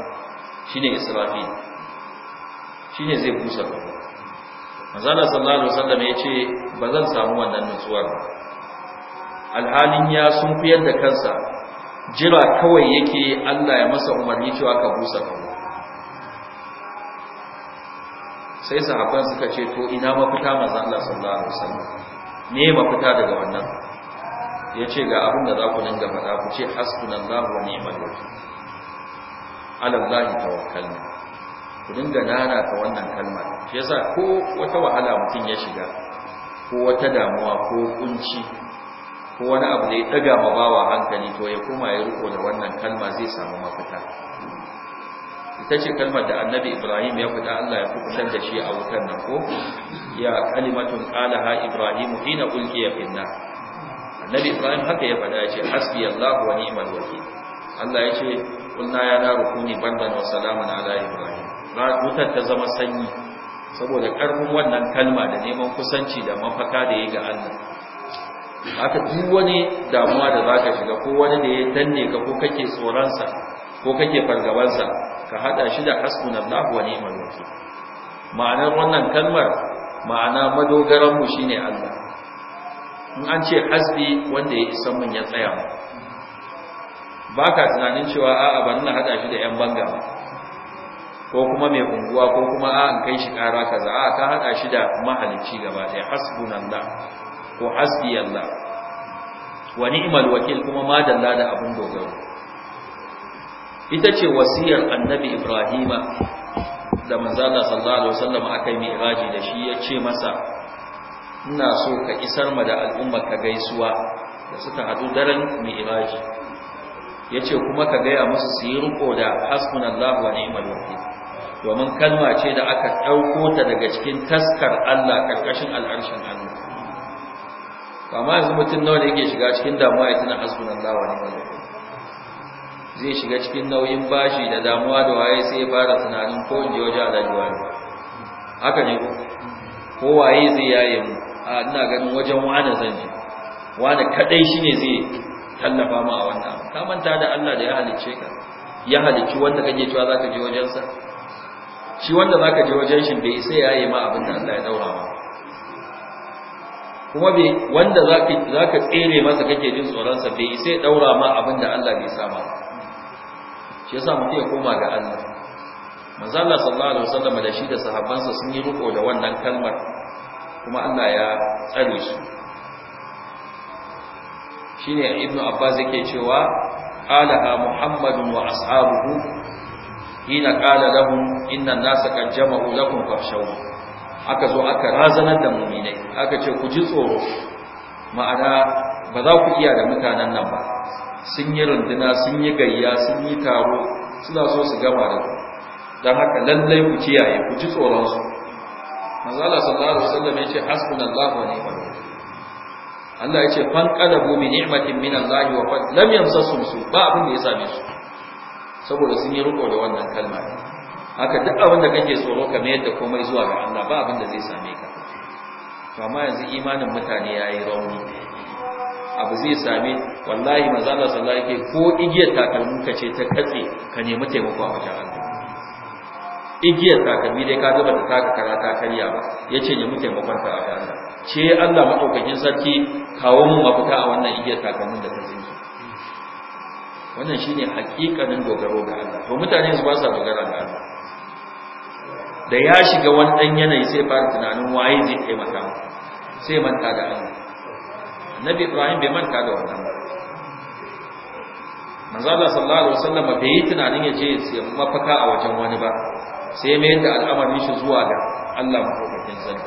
shine israfil shine zai busa kaho manzala sallallahu alaihi wasallam yace ba zan samu wannan nutsuwar ba alhalin ya fi da kansa jira kawai yake Allah ya masa umarni cewa ka busa kawo sai sahabban suka ce to ina mafita maza Allah sallallahu alaihi wasallam me mafita daga wannan Ya ce ga abin da za ku dinga faɗa ku ce hasbunallahu wa ni'mal wakeel ala Allah tawakkalna ku dinga nana ta wannan kalmar yasa ko wata wahala mutum ya shiga ko wata damuwa ko kunci ko wani abu da ya daga ma bawa hankali to ya koma ya riko da wannan kalma zai samu mafita ita ce kalmar da annabi ibrahim ya fita Allah ya kusan da shi a wutar nan ko ya kalimatun qalaha ibrahim hina ya finna annabi ibrahim haka ya fada ya ce hasbi allah wa ni'mal wakil Allah ya ce kunna ya na rukuni bandan wa salaman ala ibrahim wutar ta zama sanyi saboda karfin wannan kalma da neman kusanci da mafaka da yi ga Allah haka duk wani damuwa da zaka shiga ko wani da ya danne ka ko kake tsoronsa ko kake fargabansa ka hada shi da hasbunallahu wa ni'mal wakil ma'anar wannan kalmar ma'ana madogaran mu shine Allah in an ce hasbi wanda ya isa mun ya tsaya baka tunanin cewa a'a ban na hada shi da yan banga ba ko kuma mai unguwa ko kuma a an kai shi kara kaza a ka haɗa shi da mahalicci gaba ɗaya hasbunallah ko hasbi Allah wa ni'mal wakil kuma madalla da abin dogaro ita ce wasiyar annabi Ibrahima da manzala sallallahu alaihi wasallam aka yi miraji da shi ya ce masa ina so ka isar ma da al'ummar ka gaisuwa da suka hadu daren miraji ya ce kuma ka gaya musu su yi riko da hasbunallahu wa ni'mal wakil domin kalma ce da aka ɗauko ta daga cikin taskar Allah karkashin al'arshin Allah amma yanzu mutum nawa ne yake shiga cikin damuwa ya tuna Allah wa ni'mal wakil zai shiga cikin nauyin bashi da damuwa da waye sai ya fara tunanin ko in je waje alhaji ne haka ne ko waye zai yaye mu a ina ganin wajen wani zan je wani kadai shine zai tallafa ma a wannan abu ka manta da Allah da ya halicce ka ya halicci wanda kake cewa zaka je wajensa shi wanda zaka je wajen shi bai sai yaye ma abin da Allah ya daura ba. kuma bai wanda za ka tsere masa kake jin tsoronsa bai sai ɗaura ma abin da Allah bai sama shi yasa mutum ya koma ga Allah manzo Allah sallallahu alaihi wasallam da shi da sahabbansa sun yi riko da wannan kalmar kuma Allah ya tsare su shine ibnu abbas yake cewa qalaha Muhammadu wa ashabuhu hina qala lahum inna an-nasa qad jama'u lakum fakhshawhum aka zo aka razanar da muminai aka ce ku ji tsoro ma'ana ba za ku iya da mutanen nan ba sun yi runduna sun yi gayya sun yi taro suna so su gama da ku don haka lallai ku kiyaye ku ji tsoronsu manzala sallallahu alaihi wasallam yace ce hasbunallahu wa ni'mal Allah yace fan qalabu bi ni'matin min Allah wa fad lam yamsasum su ba abin da ya same su saboda sun yi riko da wannan kalma haka duk abin da kake tsoro ka mayar da komai zuwa ga Allah ba abin da zai same ka to amma yanzu imanin mutane yayi rauni abu zai same wallahi manzo Allah sallallahu alaihi ko igiyar takalmin ka ce ta katse ka nemi taimako a wajen Allah igiyar takalmi dai ka zuba ta taka karata karya ba yace nemi taimakon ta a wajen Allah ce Allah madaukakin sarki kawo mu mafita a wannan igiyar takalmin da ta zinki wannan shine hakikanin dogaro ga Allah to mutane su ba sa dogara ga Allah da ya shiga wani ɗan yanayi sai fara tunanin waye zai taimaka mu sai manta da Allah Nabi Ibrahim bai manta da wannan ba Manzo Allah sallallahu alaihi wasallam bai yi tunanin ya je ya mafaka a wajen wani ba sai mai da al'amarin shi zuwa ga Allah mafakin sani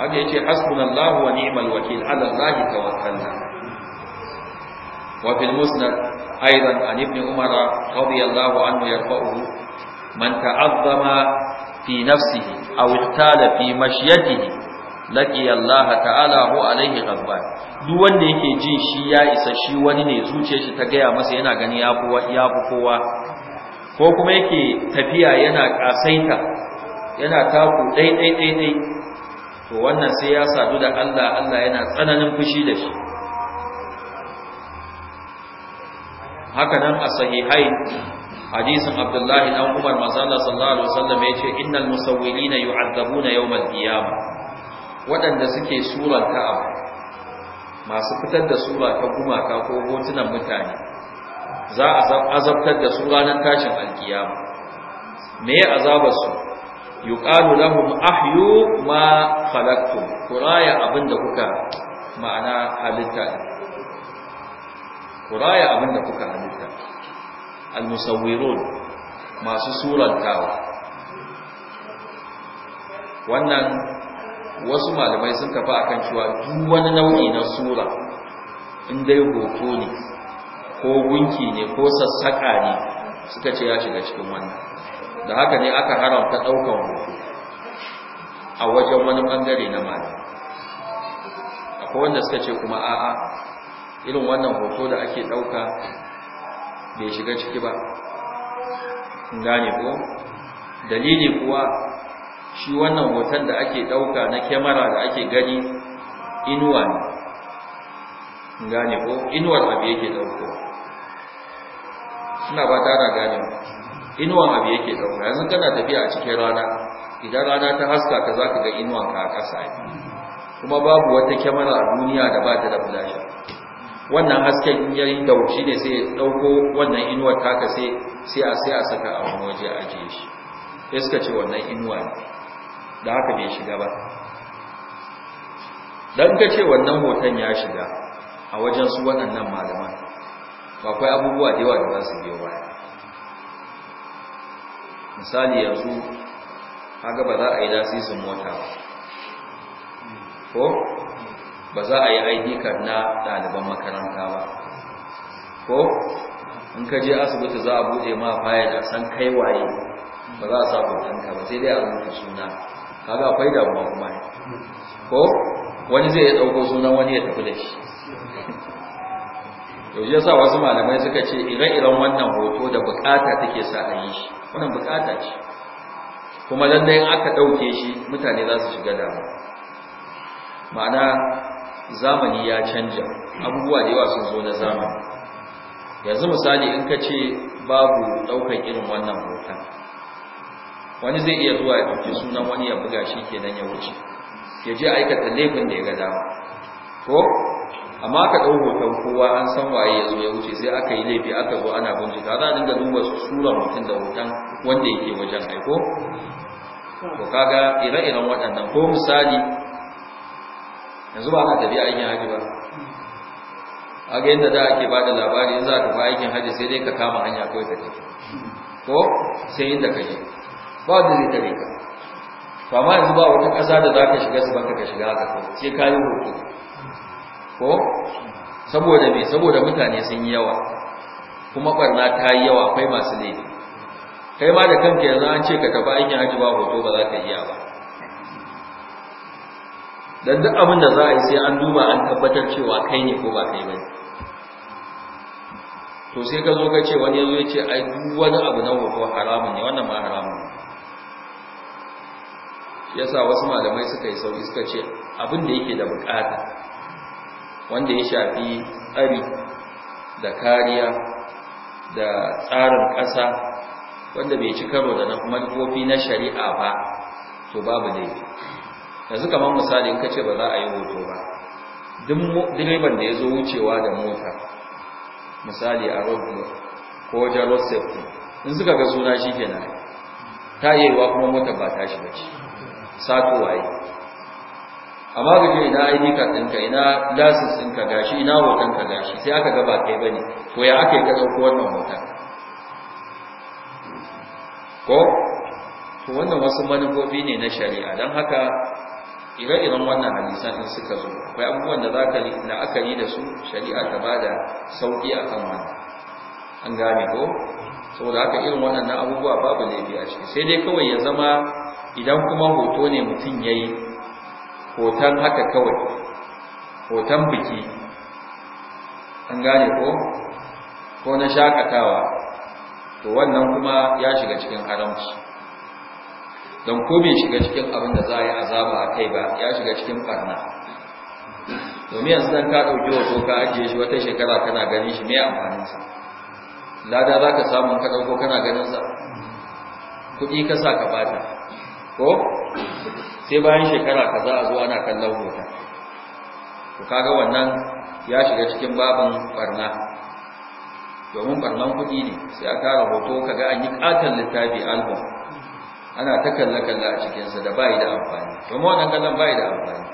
haka yake hasbunallahu wa ni'mal wakil ala Allah tawakkalna wa fil musnad ايضا عن ابن عمر رضي الله عنه يرفعه من تعظم fi نفسه او اختال fi مشيته لقي الله تعالى هو alaihi غضبان duk wanda yake jin shi ya isa shi wani ne zuciyar shi ta gaya masa yana gani ya fi kowa ko kuma yake tafiya yana kasaita yana taku dai dai dai dai to wannan sai ya sadu da Allah Allah yana tsananin fushi da shi haka nan a sahihai hadisin abdullahi dan umar manzala sallallahu alaihi wasallam yace innal musawwilina yu'adzabuna yawmal qiyamah wadanda suke surar abu masu fitar da sura ta gumaka ko hotunan mutane za a azabtar da su ranar tashin alkiyama me ya azabar su yuqalu lahum ahyu ma khalaqtum quraya abinda kuka ma'ana halitta quraya abinda kuka halitta al-musawwirun masu surantawa wannan wasu malamai sun tafi akan cewa duk wani nau'i na sura in dai hoto ne ko gunki ne ko sassaka ne suka ce ya shiga cikin wannan da haka ne aka haramta ɗaukan hoto a wajen wani ɓangare na malam. akwai wanda suka ce kuma a'a irin wannan hoto da ake ɗauka bai shiga ciki ba gane ko dalili kuwa shi wannan hoton da ake ɗauka na kyamara da ake gani inuwa ne gane ko inuwar abu yake ɗauko suna ba tara gane inuwar abu yake ɗauka, yanzu kana tafiya a cikin rana idan rana ta haska ka za ka ga inuwanka a ƙasa kuma babu wata kyamara a duniya da ba ta da flashin wannan hasken in yayi da ne sai dauko wannan inuwar taka sai sai a sai a saka a wani waje a ajiye shi sai suka ce wannan inuwa da haka bai shiga ba dan ka ce wannan hoton ya shiga a wajen su waɗannan malaman ba akwai abubuwa da yawa da za su biyo baya misali yanzu kaga ba za a yi lasisin mota ba ko ba za a yi ID na ɗaliban makaranta ba ko in ka je asibiti za a buɗe ma fayil da san kai waye ba za a sa hotonka ba sai dai a rubuta suna kaga akwai damuwa kuma ne ko wani zai ya ɗauko sunan wani ya tafi da shi yau ya sa wasu malamai suka ce ire-iren wannan hoto da bukata take sa a yi shi wannan bukata ce kuma lallai in aka ɗauke shi mutane za su shiga damu ma'ana zamani ya canja abubuwa da yawa sun zo na zamani yanzu misali in ka ce babu ɗaukar irin wannan hoton wani zai iya zuwa ya ɗauki sunan wani ya buga shi kenan ya wuce ya je aikata laifin da ya gada. dama ko amma ka ɗau hoton kowa an san waye ya zo ya wuce sai aka yi laifi aka zo ana bincika za a dinga duba suran mutum da hoton wanda yake wajen aiko to kaga ire-iren waɗannan ko misali yanzu ba ana tafiya aikin haji ba a ga yadda da ke bada labari in za ka tafi aikin haji sai dai ka kama hanya kawai ka tafi ko sai yadda ka yi. ba wanda zai tare ka to amma yanzu ba wata ƙasa da za ka shiga su baka ka shiga haka ko sai ka yi hoto ko saboda me saboda mutane sun yi yawa kuma barna ta yi yawa akwai masu laifi kai ma da kanka yanzu an ce ka tafi aikin haji ba hoto ba za ka iya ba dan duk abin da za a yi sai an duba an tabbatar cewa kai ne ko ba kai bane to sai ka zo ka ce wani yazo ya ce ai duk wani abu na wato haramun ne wannan ma haramun ne yasa wasu malamai suka yi sauri suka ce abin da yake da bukata wanda ya shafi tsari da kariya da tsarin ƙasa wanda bai ci karo da na manufofi na shari'a ba to babu laifi yanzu kamar misali in ka ce ba za a yi hoto ba duk direban da ya zo wucewa da mota misali a roadblock ko wajen road safety in suka ga suna shi ke nan ta yi wa kuma mota ba ta shi ba ce sato waye amma ga ce ina id card ɗinka ina license ɗinka gashi ina hoton ka gashi sai aka gaba kai ba ne to ya aka yi ka ɗauko wannan mota ko to wannan wasu manufofi ne na shari'a don haka ire-iren wannan hadisan in suka zo akwai abubuwan da za ka yi da su shari'a ta bada da sauƙi a kan wannan an gane ko saboda haka irin waɗannan abubuwa babu laifi a ciki sai dai kawai ya zama idan kuma hoto ne mutum ya yi hoton haka kawai hoton biki an gane ko ko na shakatawa to wannan kuma ya shiga cikin haramci don ko bai shiga cikin abin da za a yi azaba a kai ba ya shiga cikin farna domin yanzu don ka ɗauki wato ka ajiye shi wata shekara kana ganin shi mai amfaninsa lada za ka samun ka ɗauko kana ganinsa kuɗi ka sa ka bata ko sai bayan shekara ka za a zo ana kallon hoton to kaga wannan ya shiga cikin babin farna domin barnan kuɗi ne sai a kara hoto kaga an yi katon littafi album ana ta kalla-kalla a cikinsa da bayi da amfani domin wannan kallon bayi da amfani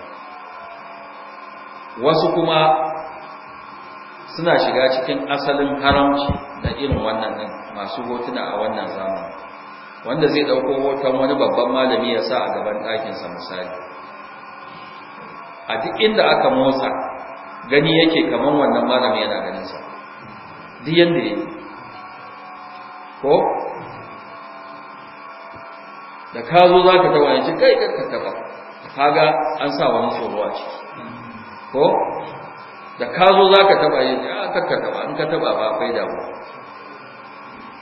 wasu kuma suna shiga cikin asalin haramci da irin wannan nan masu hotuna a wannan zamani wanda zai ɗauko hoton wani babban malami ya sa a gaban ɗakinsa misali a duk inda aka motsa gani yake kamar wannan malami yana ganinsa duk yadda ya ko da ka zo za ka taba yanci kai ka taba an sa wani tsoro a ciki ko da ka zo za ka taba yanci a ah, kakka taba in ka taba ba da ba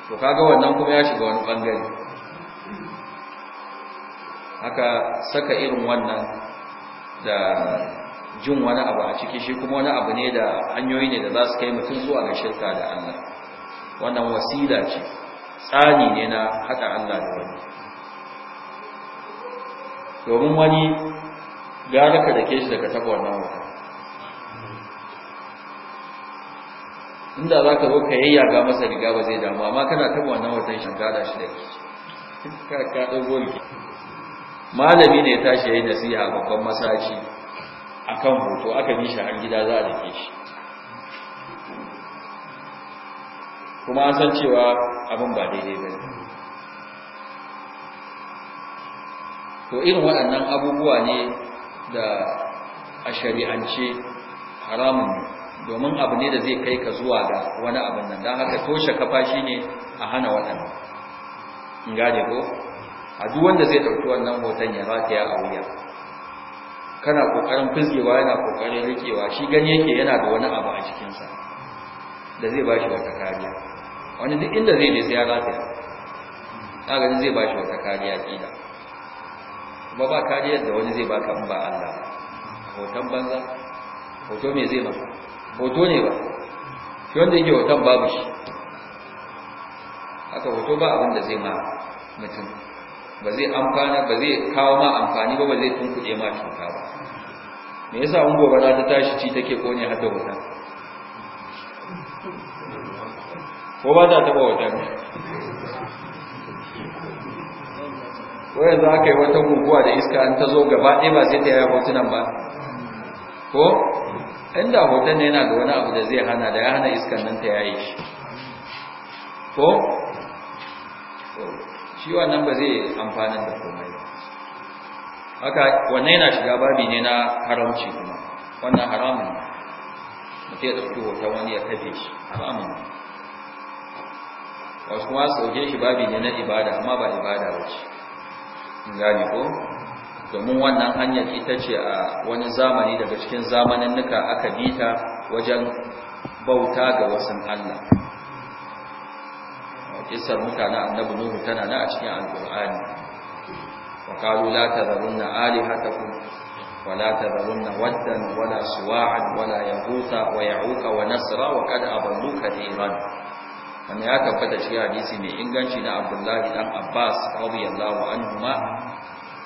to ka ga wannan kuma ya shiga wani bangare haka saka irin wannan da jin wani abu a ciki shi kuma wani abu ne da hanyoyi ne da za su kai mutum zuwa ga shirka da Allah wannan wasila ce tsani ne na haɗa Allah da wani domin wani gara ka dake shi daga taɓa wannan wata inda za ka zo ka ga masa riga ba zai damu amma kana taɓa wannan watan shi gada shi da ka ka ɗago ne malami ne ya tashi ya yi siya babban masaci akan hoto aka bi shi har gida za a dake shi kuma an san cewa abin ba daidai ba ne to irin waɗannan abubuwa ne da a shari'ance haramun domin abu ne da zai kai ka zuwa ga wani abin nan don haka toshe kafa shi ne a hana waɗannan in gane ko a duk wanda zai ɗauki wannan hoton ya rataya a wuya kana ƙoƙarin fizgewa yana ƙoƙarin riƙewa shi gani yake yana da wani abu a cikinsa da zai ba shi wata kariya wani duk inda zai ne sai ya rataya na ganin zai ba shi wata kariya ƙila kuma ba kariyar da wani zai baka in ba Allah hoton banza hoto me zai baka hoto ne ba shi wanda yake hoton babu shi haka hoto ba abin da zai ma mutum ba zai amfana ba zai kawo ma amfani ba ba zai kuɗe ma cuta ba me yasa in gobe ta tashi ci take kone hata hoton ko ba ta taɓa hoton wayan za ka yi wata guguwa da iska an ta zo gaba ɗaya ba sai ta yi hotunan ba ko inda hoton yana da wani abu da zai hana da ya hana iskan nan ta yayi shi ko shi wannan ba zai amfanar da komai haka wannan yana shiga babi ne na haramci kuma wannan haramun mutum ya ɗauki hoton wani ya kafe shi haramun wasu kuma sauke shi babi ne na ibada amma ba ibada ba ce gani ko domin wannan hanyar ita ce a wani zamani daga cikin zamaninnika aka bita wajen bauta ga wasan Allah kisar mutanen annabi nuhu tana na a cikin alkur'ani wa qalu la tadharunna alihatakum wa la tadharunna waddan wala suwa'an wala yaghutha wa ya'uqa wa nasra wa qad adallu Iman. wannan ya tabbata cikin hadisi mai inganci na abdullahi dan abbas radiyallahu anhuma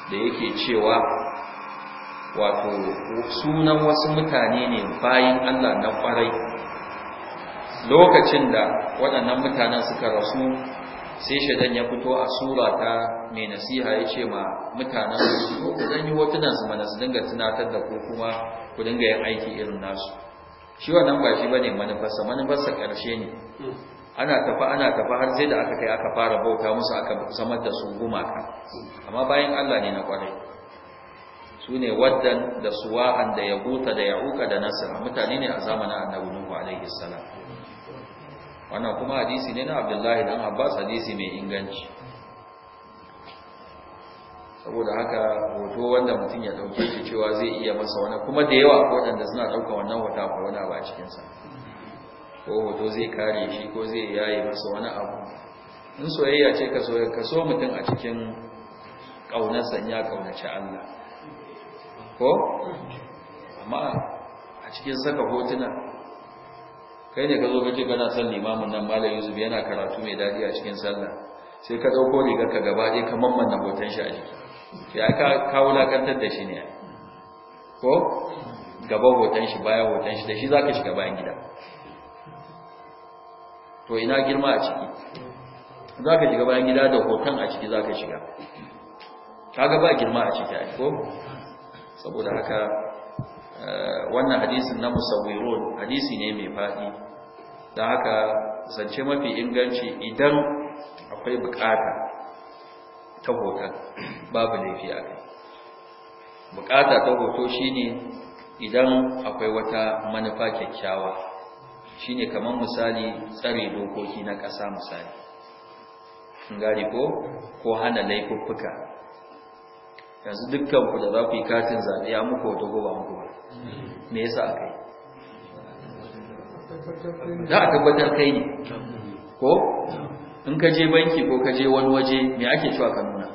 da yake cewa wato sunan wasu mutane ne bayan allah na kwarai lokacin da waɗannan mutanen suka rasu sai shaidan ya fito a sura ta mai nasiha ya ce ma mutanen su ku zan yi hotunan su mana su dinga tunatar da ku kuma ku dinga yin aiki irin nasu shi wannan ba shi bane manufarsa manufarsa ƙarshe ne ana tafa ana tafi har sai da aka kai aka fara bauta musu aka samar da su gumaka amma bayan Allah ne na kwarai su ne waddan da suwa'an da buta da ya uka da nasara mutane ne a zamanin annabi nuhu alaihi salam wannan kuma hadisi ne na abdullahi dan abbas hadisi mai inganci saboda haka hoto wanda mutum ya dauke shi cewa zai iya masa wani kuma da yawa waɗanda suna ɗauka wannan wata ko wani abu a cikinsa ko hoto zai kare shi ko zai yaye masa wani abu in soyayya ce ka soyayya ka so mutum a cikin ƙaunarsa ya ƙaunaci Allah ko amma a cikin saka hotuna kai ne ka zo kace kana son limamin nan malam Yusuf yana karatu mai dadi a cikin sallah sai ka dauko rigar ka gaba ɗaya ka mammanna hoton shi a jiki sai ka ka wulakantar da shi ne ko gaba hoton shi baya hoton shi da shi zaka shiga bayan gida to ina girma a ciki za ka shiga bayan gida da hoton a ciki za ka shiga kaga ba girma a ciki a ko saboda haka eh, wannan hadisin na musawirun hadisi ne mai faɗi da haka zance mafi inganci idan akwai bukata ta hoton babu laifi a kai bukata ta hoto shine idan akwai wata manufa kyakkyawa Shi ne kamar misali tsare dokoki na ƙasa misali gari ko ko hana laifuffuka yanzu dukkan ku da za ku yi katin zaɓe ya muku wata goba muku ba me yasa aka yi za a tabbatar kai ne ko in ka je banki ko ka je wani waje me ake cewa ka nuna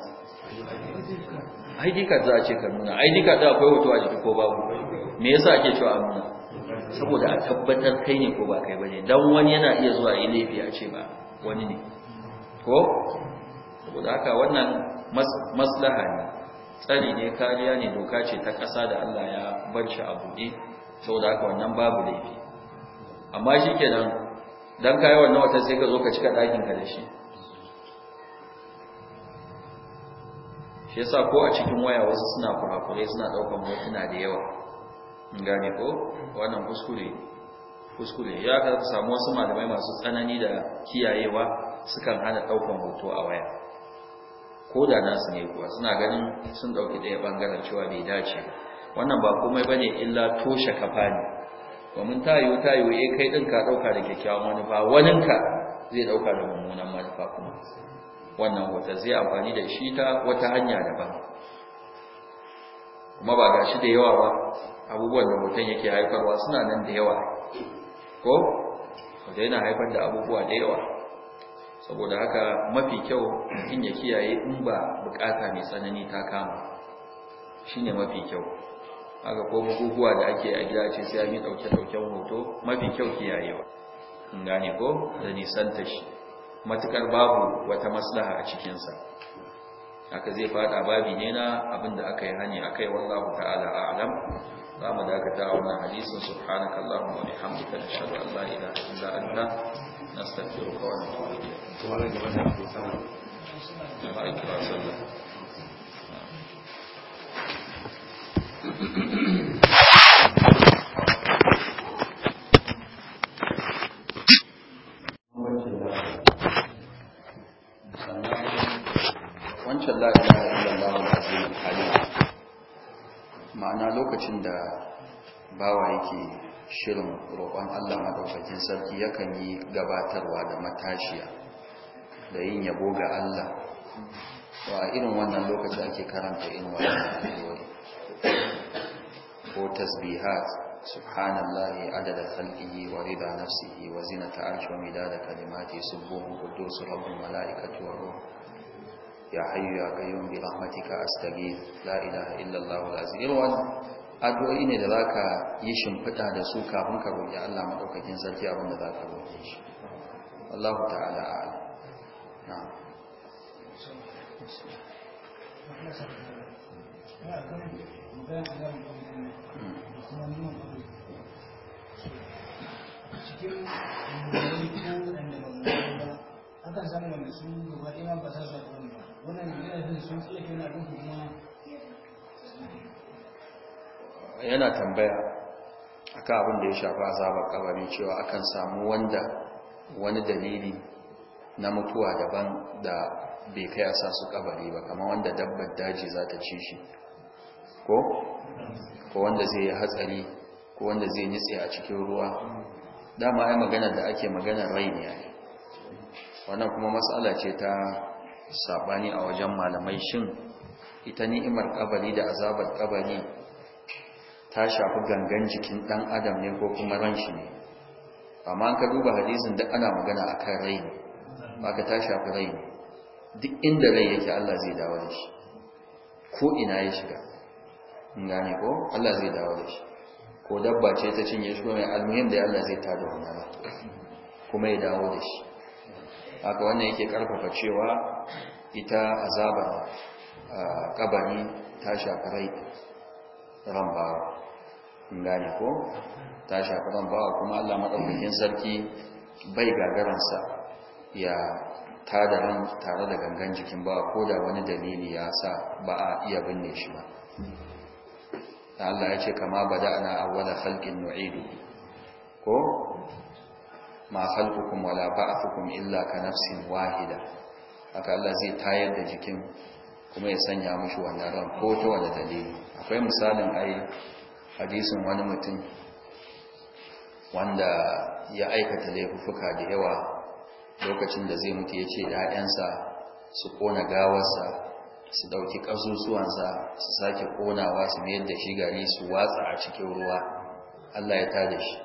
ID card za a ce ka nuna ID card da akwai hoto a jiki ko babu me yasa ake cewa a nuna saboda a tabbatar kai ne ko ba kai bane dan wani yana iya zuwa yi laifi a ce ba wani ne ko saboda haka wannan maslaha ne tsari ne kariya ne doka ce ta ƙasa da Allah ya bar shi a buɗe saboda haka wannan babu laifi amma shi nan, dan kai wannan wata sai ka zo ka cika ɗakin ka da shi shi yasa ko a cikin waya wasu suna kurakurai suna ɗaukar motuna da yawa gane ko wannan kuskure kuskure ya ka samu wasu malamai masu tsanani da kiyayewa sukan hana daukan hoto a waya ko da nasu ne kuwa suna ganin sun dauki daya bangaren cewa bai dace wannan ba komai bane illa toshe kafa ne domin tayo tayo eh kai din ka dauka da kyakkyawan manufa ka zai dauka da mummunan manufa kuma wannan wata zai amfani da shi ta wata hanya daban kuma ba gashi da yawa ba abubuwan da mutum yake haifarwa suna nan da yawa ko wanda yana haifar da abubuwa da yawa saboda haka mafi kyau mutum ya kiyaye in ba bukata mai tsanani ta kama shine mafi kyau haka ko bukukuwa da ake a gida ce sai an ɗauke dauke hoto mafi kyau kiyayewa in gane ko da nisanta shi matukar babu wata maslaha a cikinsa haka zai fada babi ne na abinda aka yi hani a kai wallahu ta'ala a'lam zamu dakata a wannan hadisin subhanaka allahumma wa bihamdika nashhadu an la ilaha illa anta nastaghfiruka wa natubu ilayk kuma ne lokacin da bawa yake shirin roƙon Allah madaukakin sarki yakan yi gabatarwa da matashiya da yin yabo ga Allah wa irin wannan lokaci ake karanta irin wannan ayoyi ko tasbihat subhanallahi adada khalqihi wa rida nafsihi wa zinata arshi wa midada kalimati subbuhu quddus rabbul malaikati wa ruh ya hayyu ya qayyum bi rahmatika astaghith la ilaha illa allah al addu'o'i ne da za ka yi shimfiɗa da su kafin ka roƙi Allah maɗaukakin sarki abin da za ka roƙe shi Allah ta'ala ala. na cikin akan samu wanda hmm. su gaba ɗaya ba sa sa ba wannan yana da sun tsallake wani abin kuma yana tambaya a akan abin da ya shafi azabar kabari cewa akan samu wanda wani dalili na mutuwa daban da bai kai a sa su kabari ba kamar wanda dabbar daji za ta ci shi ko ko wanda zai yi hatsari ko wanda zai nitse a cikin ruwa dama ai magana da ake magana rai ne wannan kuma matsala ce ta sabani a wajen malamai shin ita ni'imar kabari da azabar kabari ta shafi gangan jikin ɗan adam ne ko kuma ran shi ne amma ka duba hadisin da ana magana a kan rai ne ta shafi rai duk inda rai yake Allah zai dawo da shi ko ina ya shiga gane ko Allah zai dawo da shi ko dabba ce ta cinye shi mai almuhim da Allah zai tada wannan kuma ya dawo da shi haka wannan yake karfafa cewa ita azaba ah, kabari ta shafi rai ran bawa gane ko ta shafi ran bawa kuma Allah madaukakin sarki bai gagaransa ya tada ran tare da gangan jikin bawa ko da wani dalili ya sa ba a iya binne shi ba Allah ya ce kama bada'na awwala khalqin nu'idu ko ma khalqukum wala ba'athukum illa ka nafsin wahida haka Allah zai tayar da jikin kuma ya sanya mushi wannan ran ko ta wani dalili akwai misalin ai hadisin wani mutum wanda ya aikata laifuka da yawa lokacin da zai mutu ya ce ‘ya'yansa su kona gawarsa su ɗauki ƙasusuwansa su sake konawa su mayar da shi gari su watsa a cikin ruwa Allah ya tada shi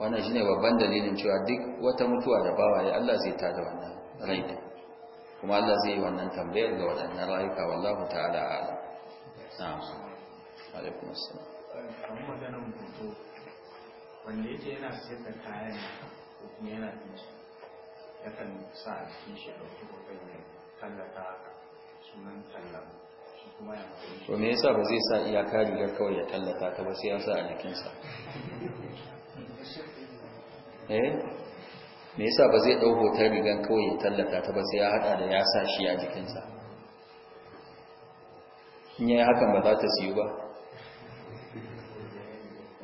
wannan shi ne babban dalilin cewa duk wata mutuwa da bawa ya Allah zai tada wannan raina kuma Allah zai yi wannan tambayar ga waɗannan rayuka wallahu ta'ala a'ala alaikum assalam kamar maganar hoto wanda da ko kuma yana yakan sa hoton ya tallata sunan tallan to me yasa ba zai sa iyaka rigar kawai ya tallata ta ba sai ya sa a jikinsa eh me yasa ba zai ɗau rigar kawai ya tallata ta ba sai ya haɗa da ya sa shi a jikinsa in yi hakan ba za ta siyu ba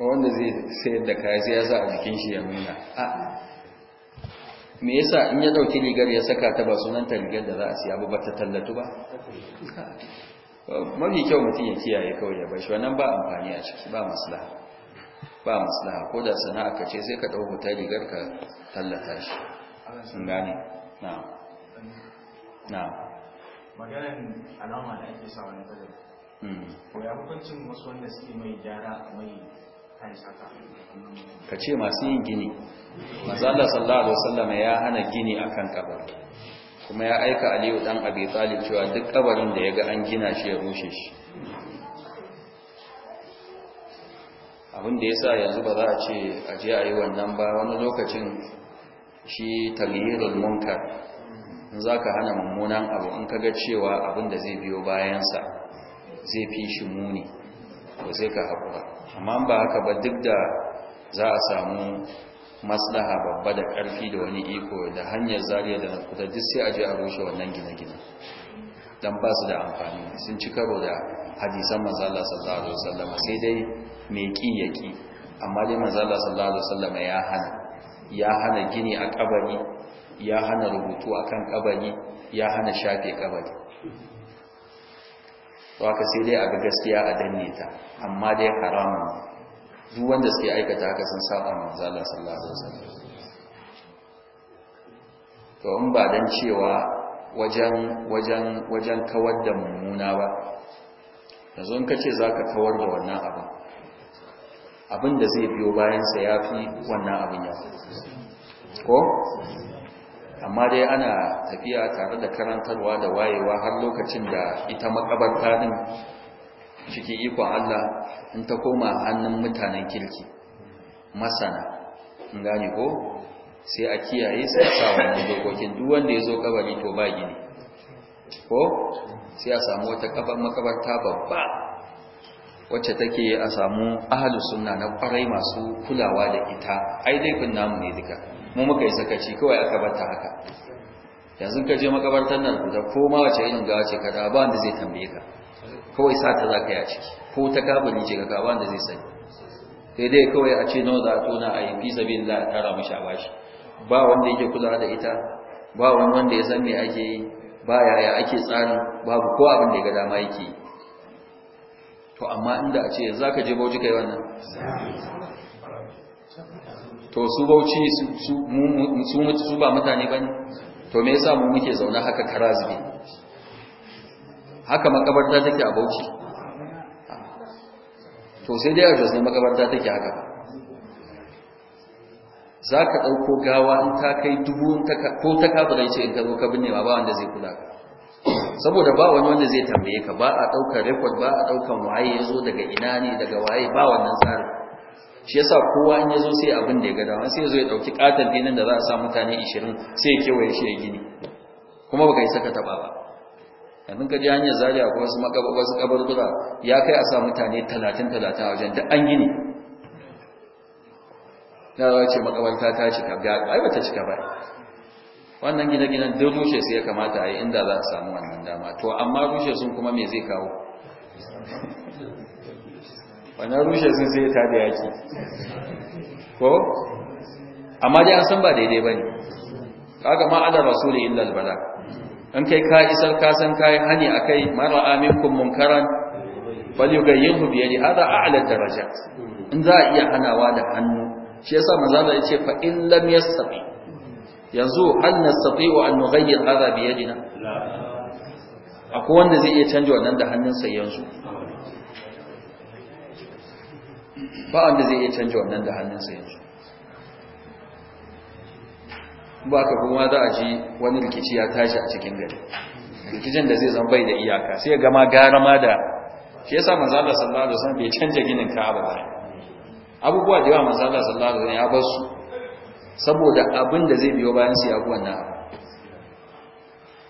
wanda zai sayar da kaya sai ya sa a jikin shi ya nuna a me yasa in ya dauki rigar ya saka ta ba sunanta rigar da za a siya ba ba ta tallatu ba mafi kyau mutum ya kiyaye kawai ya bar shi wannan ba amfani a ciki ba maslaha ba maslaha ko da sana'a ka ce sai ka dau ta rigar ka tallata shi sun gane na na maganan alama da ake sa wani talaka hmm. ko ya hukuncin wasu wanda suke mai gyara mai ka ce masu yin gini mazala sallallahu alaihi ya hana gini akan kabar kuma ya aika aliyu dan abi talib cewa duk kabarin da ya ga an gina shi ya rushe shi abin da ya sa yanzu ba za a ce a je a yi wannan ba wani lokacin shi talyirul munkar in za ka hana mummunan abu in ka ga cewa abin da zai biyo bayansa zai fi shi muni ko sai ka haƙura amma ba haka ba duk da za a samu maslaha babba da ƙarfi da wani iko da hanyar zariya da nakuta duk sai a je a rushe wannan gina gina don ba su da amfani sun ci karo da hadisan mazala sallallahu alaihi wasallam sai dai mai ƙi ya ƙi amma dai mazala sallallahu alaihi wasallam ya hana gini a kabari ya hana rubutu akan kabari ya hana shafe kabari waka sai dai a gaskiya a danne ta amma dai haramun duk wanda suke aikata haka sun saba manzo sallallahu ala'uwa to in ba don cewa wajen wajen kawar da mummuna ba yanzu ce za ka kawar da wannan abin abin da zai biyo bayansa ya fi wannan abin ya ko amma dai ana tafiya tare da karantarwa da wayewa har lokacin da ita makabarta din ciki ikon Allah in ta koma hannun mutanen kirki masana in gane ko sai a kiyaye sai a sa wani dokokin duk wanda ya zo kabari to ba gini ko sai a samu wata kabar makabarta babba wacce take a samu ahlus sunna na kwarai masu kulawa da ita ai dai kun namu ne duka mu muka yi sakaci kawai aka bata haka yanzu ka je makabartar nan guda ko ma wace irin gawa ce kada ba wanda zai tambaye ka kawai sa ta za ka ciki ko ta kabari ce ka ba wanda zai sani sai dai kawai a ce nawa za a tona a yi fi sabin za a tara mashi a bashi ba wanda yake kula da ita ba wani wanda ya san me ake yi ba yaya ake tsari babu ko abin da ya ga dama yake yi to amma inda a ce za ka je bauji kai wannan to su bauchi su su ba mutane ba ne to me yasa mu muke zaune haka karazbe haka makabarta take a bauchi to sai dai a jos ne makabarta take haka za ka ɗauko gawa in ta kai dubu ko ta kafirai ce in ka zo ka binne ba wanda zai kula ka saboda ba wani wanda zai tambaye ka ba a ɗaukar rekod ba a ɗaukar waye ya zo daga ina ne daga waye ba wannan tsarin shi yasa kowa in yazo sai abin da ya ga dama sai yazo ya dauki katar dinin da za a sa mutane 20 sai ya kewaye shi ya gini kuma baka yi saka taba ba yanzu ka ji hanyar zari a wasu makaba wasu kaburbura ya kai a sa mutane 30 30 a wajen duk an gini na za ce makabarta ta cika ga ai bata cika ba wannan gine-ginen duk rushe sai ya kamata a yi inda za a samu wannan dama to amma rushe sun kuma me zai kawo wannan rushe sun sai ta da yaki ko amma dai an san ba daidai bane kaga ma ala rasuli illa albala an kai ka isar ka san kai hani akai mara aminkum munkaran falyughayyirhu bi yadi hada a'la darajat in za a iya hanawa da hannu shi yasa manzo Allah yace fa in lam yastati yanzu hal nastati wa an nughayyir hada bi yadina akwai wanda zai iya canja wannan da hannunsa yanzu ba wanda zai iya canja wannan da hannunsa yanzu ba ka kuma za a ji wani rikici ya tashi a cikin gari rikicin da zai zan bai da iyaka sai ya gama gara ma da shi yasa manzo Allah sallallahu alaihi wasallam bai canja ginin Ka'aba ba abubuwa da yawa manzo Allah sallallahu alaihi wasallam ya bar su saboda abin da zai biyo bayan su ya wannan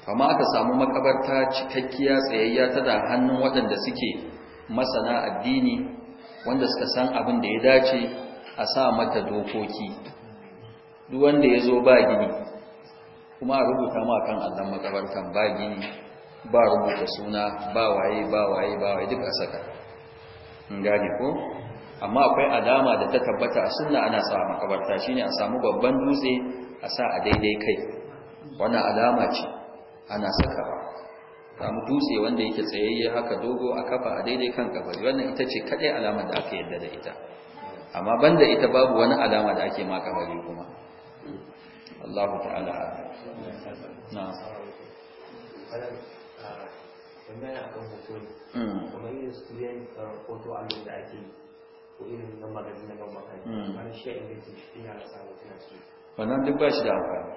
abu amma aka samu makabarta cikakkiya tsayayya ta da hannun waɗanda suke masana addini wanda suka san abin da ya dace a sa mata dokoki duk wanda ya zo ba gini kuma a rubuta ma kan allon makabartan ba gini ba rubuta suna ba waye ba waye ba waye duk a saka in gane ko amma akwai alama da ta tabbata a sunna ana sa makabarta shine a samu babban dutse a sa a daidai kai wannan alama ce ana sakawa samu dutse wanda yake tsayayye haka dogo a kafa a daidai kan kafa wannan ita ce kadai alamar da aka yadda da ita amma banda ita babu wani alama da ake maka bari kuma Allah ta'ala na wannan akan hoto ne kamar yin student photo album da ake ko irin nan magazin na ban makani kamar shi hmm. inganci ina da samu tana su wannan duk ba shi da amfani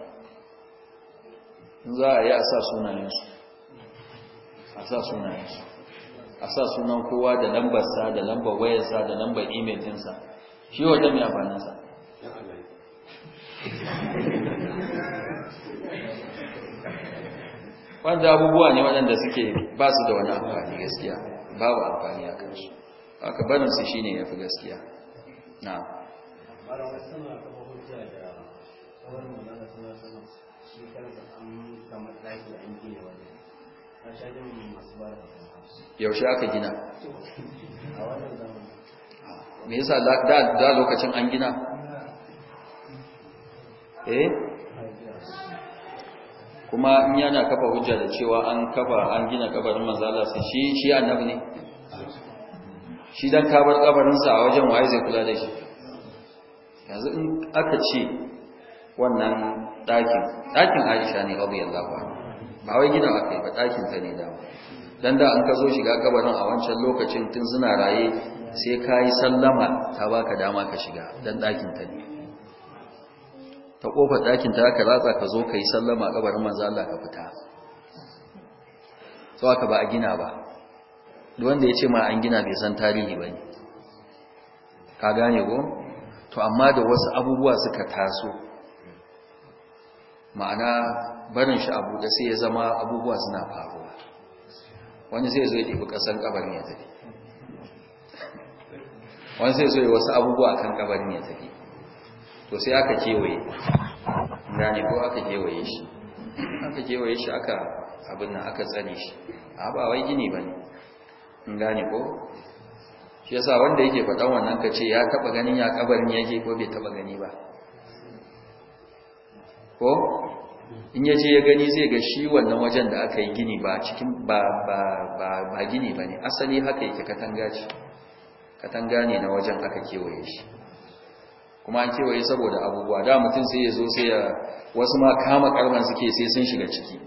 za a yi a sa sunayen su a sa suna sunayensu a sa sunan kowa da sa da lambar wayarsa da lambar imel ɗinsa shi wajen mai sa. wanda abubuwa ne waɗanda suke ba su da wani amfani gaskiya babu amfani a kansu haka barin shi ne ya fi gaskiya na shi kansa an gama ɗaki an gina wani yaushe aka gina me yasa da lokacin an gina eh kuma in yana kafa hujja da cewa an kafa an gina kabarin manzo su sai shi shi annabi ne shi dan kabar kabarin sa a wajen waye zai kula da shi yanzu in aka ce wannan dakin dakin Aisha ne radiyallahu anha ba wai gidan aka yi ba ɗakin ta ne dama don da an ka zo shiga kabarin a wancan lokacin tun suna raye sai ka yi sallama ta baka dama ka shiga don ɗakin ta ne ta ƙofar ɗakin ta ka ratsa ka zo ka yi sallama a kabarin manzo Allah ka fita so aka ba a gina ba duk wanda ya ce ma an gina bai san tarihi ba ne ka gane ko to amma da wasu abubuwa suka taso ma'ana barin shi abu da sai ya zama abubuwa suna faruwa wani zai zo ya ɗibi ƙasan ƙabarin ya tafi wani zai wasu abubuwa kan ƙabarin ya tafi to sai aka kewaye gane ko aka kewaye shi aka kewaye shi aka abin nan aka tsane shi a ba wai gini ba ne in gane ko shi yasa wanda yake faɗan wannan ka ce ya taɓa ganin ya ƙabarin yake ko bai taɓa gani ba ko in ya je ya gani zai ga shi wannan wajen da aka yi gini ba cikin ba ba ba ba gini bane asali haka yake katanga ce katanga ne na wajen aka kewaye shi kuma an kewaye saboda abubuwa da mutum sai ya zo sai ya wasu ma kama karman suke sai sun shiga ciki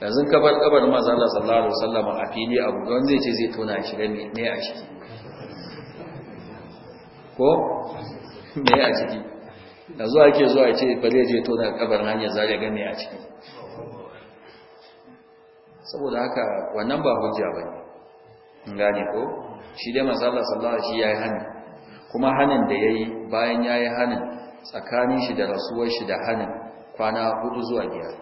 yanzu kabar kabar maza Allah sallallahu alaihi wasallam a fili abu don zai ce zai tona shi shiga ne a ciki ko me a ciki Da zuwa ke zuwa ce bari je to da kabar hanyar zare game a ciki saboda haka wannan ba hujja ba ne gane ko shi dai masala sallah shi ya yi hanin kuma hanin da ya yi bayan ya yi hannun tsakanin shi da rasuwar shi da hanin kwana hudu zuwa biyar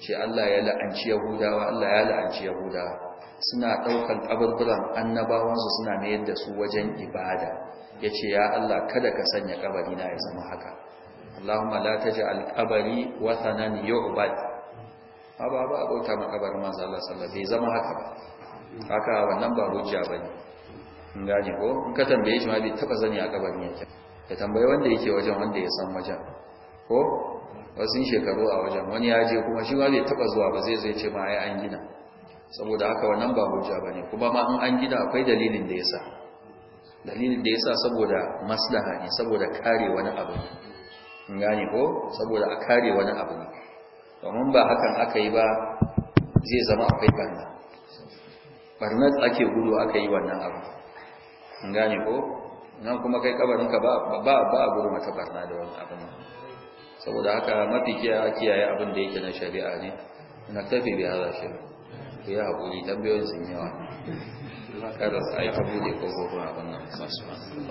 shi Allah ya la'anci yahudawa Allah ya la'anci yahudawa suna ɗaukar ƙabirbiran annabawansu suna mayar da su wajen ibada ya ce ya Allah kada ka sanya kabari na ya zama haka Allahumma la taj'al qabri wathanan yu'bad ba ba abota makabarin manzo Allah sallallahu alaihi wasallam bai zama haka ba haka wannan ba hujja bane in gane ko in ka tambaye shi ma bai taba zani a kabarin yake ya tambaye wanda yake wajen wanda ya san wajen ko wasu shekaru a wajen wani ya je kuma shi ma bai taba zuwa ba zai zai ce ma ai an gina saboda haka wannan ba hujja bane kuma ma in an gina akwai dalilin da yasa dalilin da yasa saboda maslaha ne saboda kare wani abu ne gane ko saboda a kare wani abu ne domin ba hakan aka yi ba zai zama akwai barna barnat ake gudu aka yi wannan abu gane ko nan kuma kai kabarinka ba ba ba gudu mata barna da wannan abu saboda haka mafi kiyaye abin da yake na shari'a ne na tafi bi hada shi ku yi haƙuri tambayoyin sun yawa kada a yi abu a ko gobe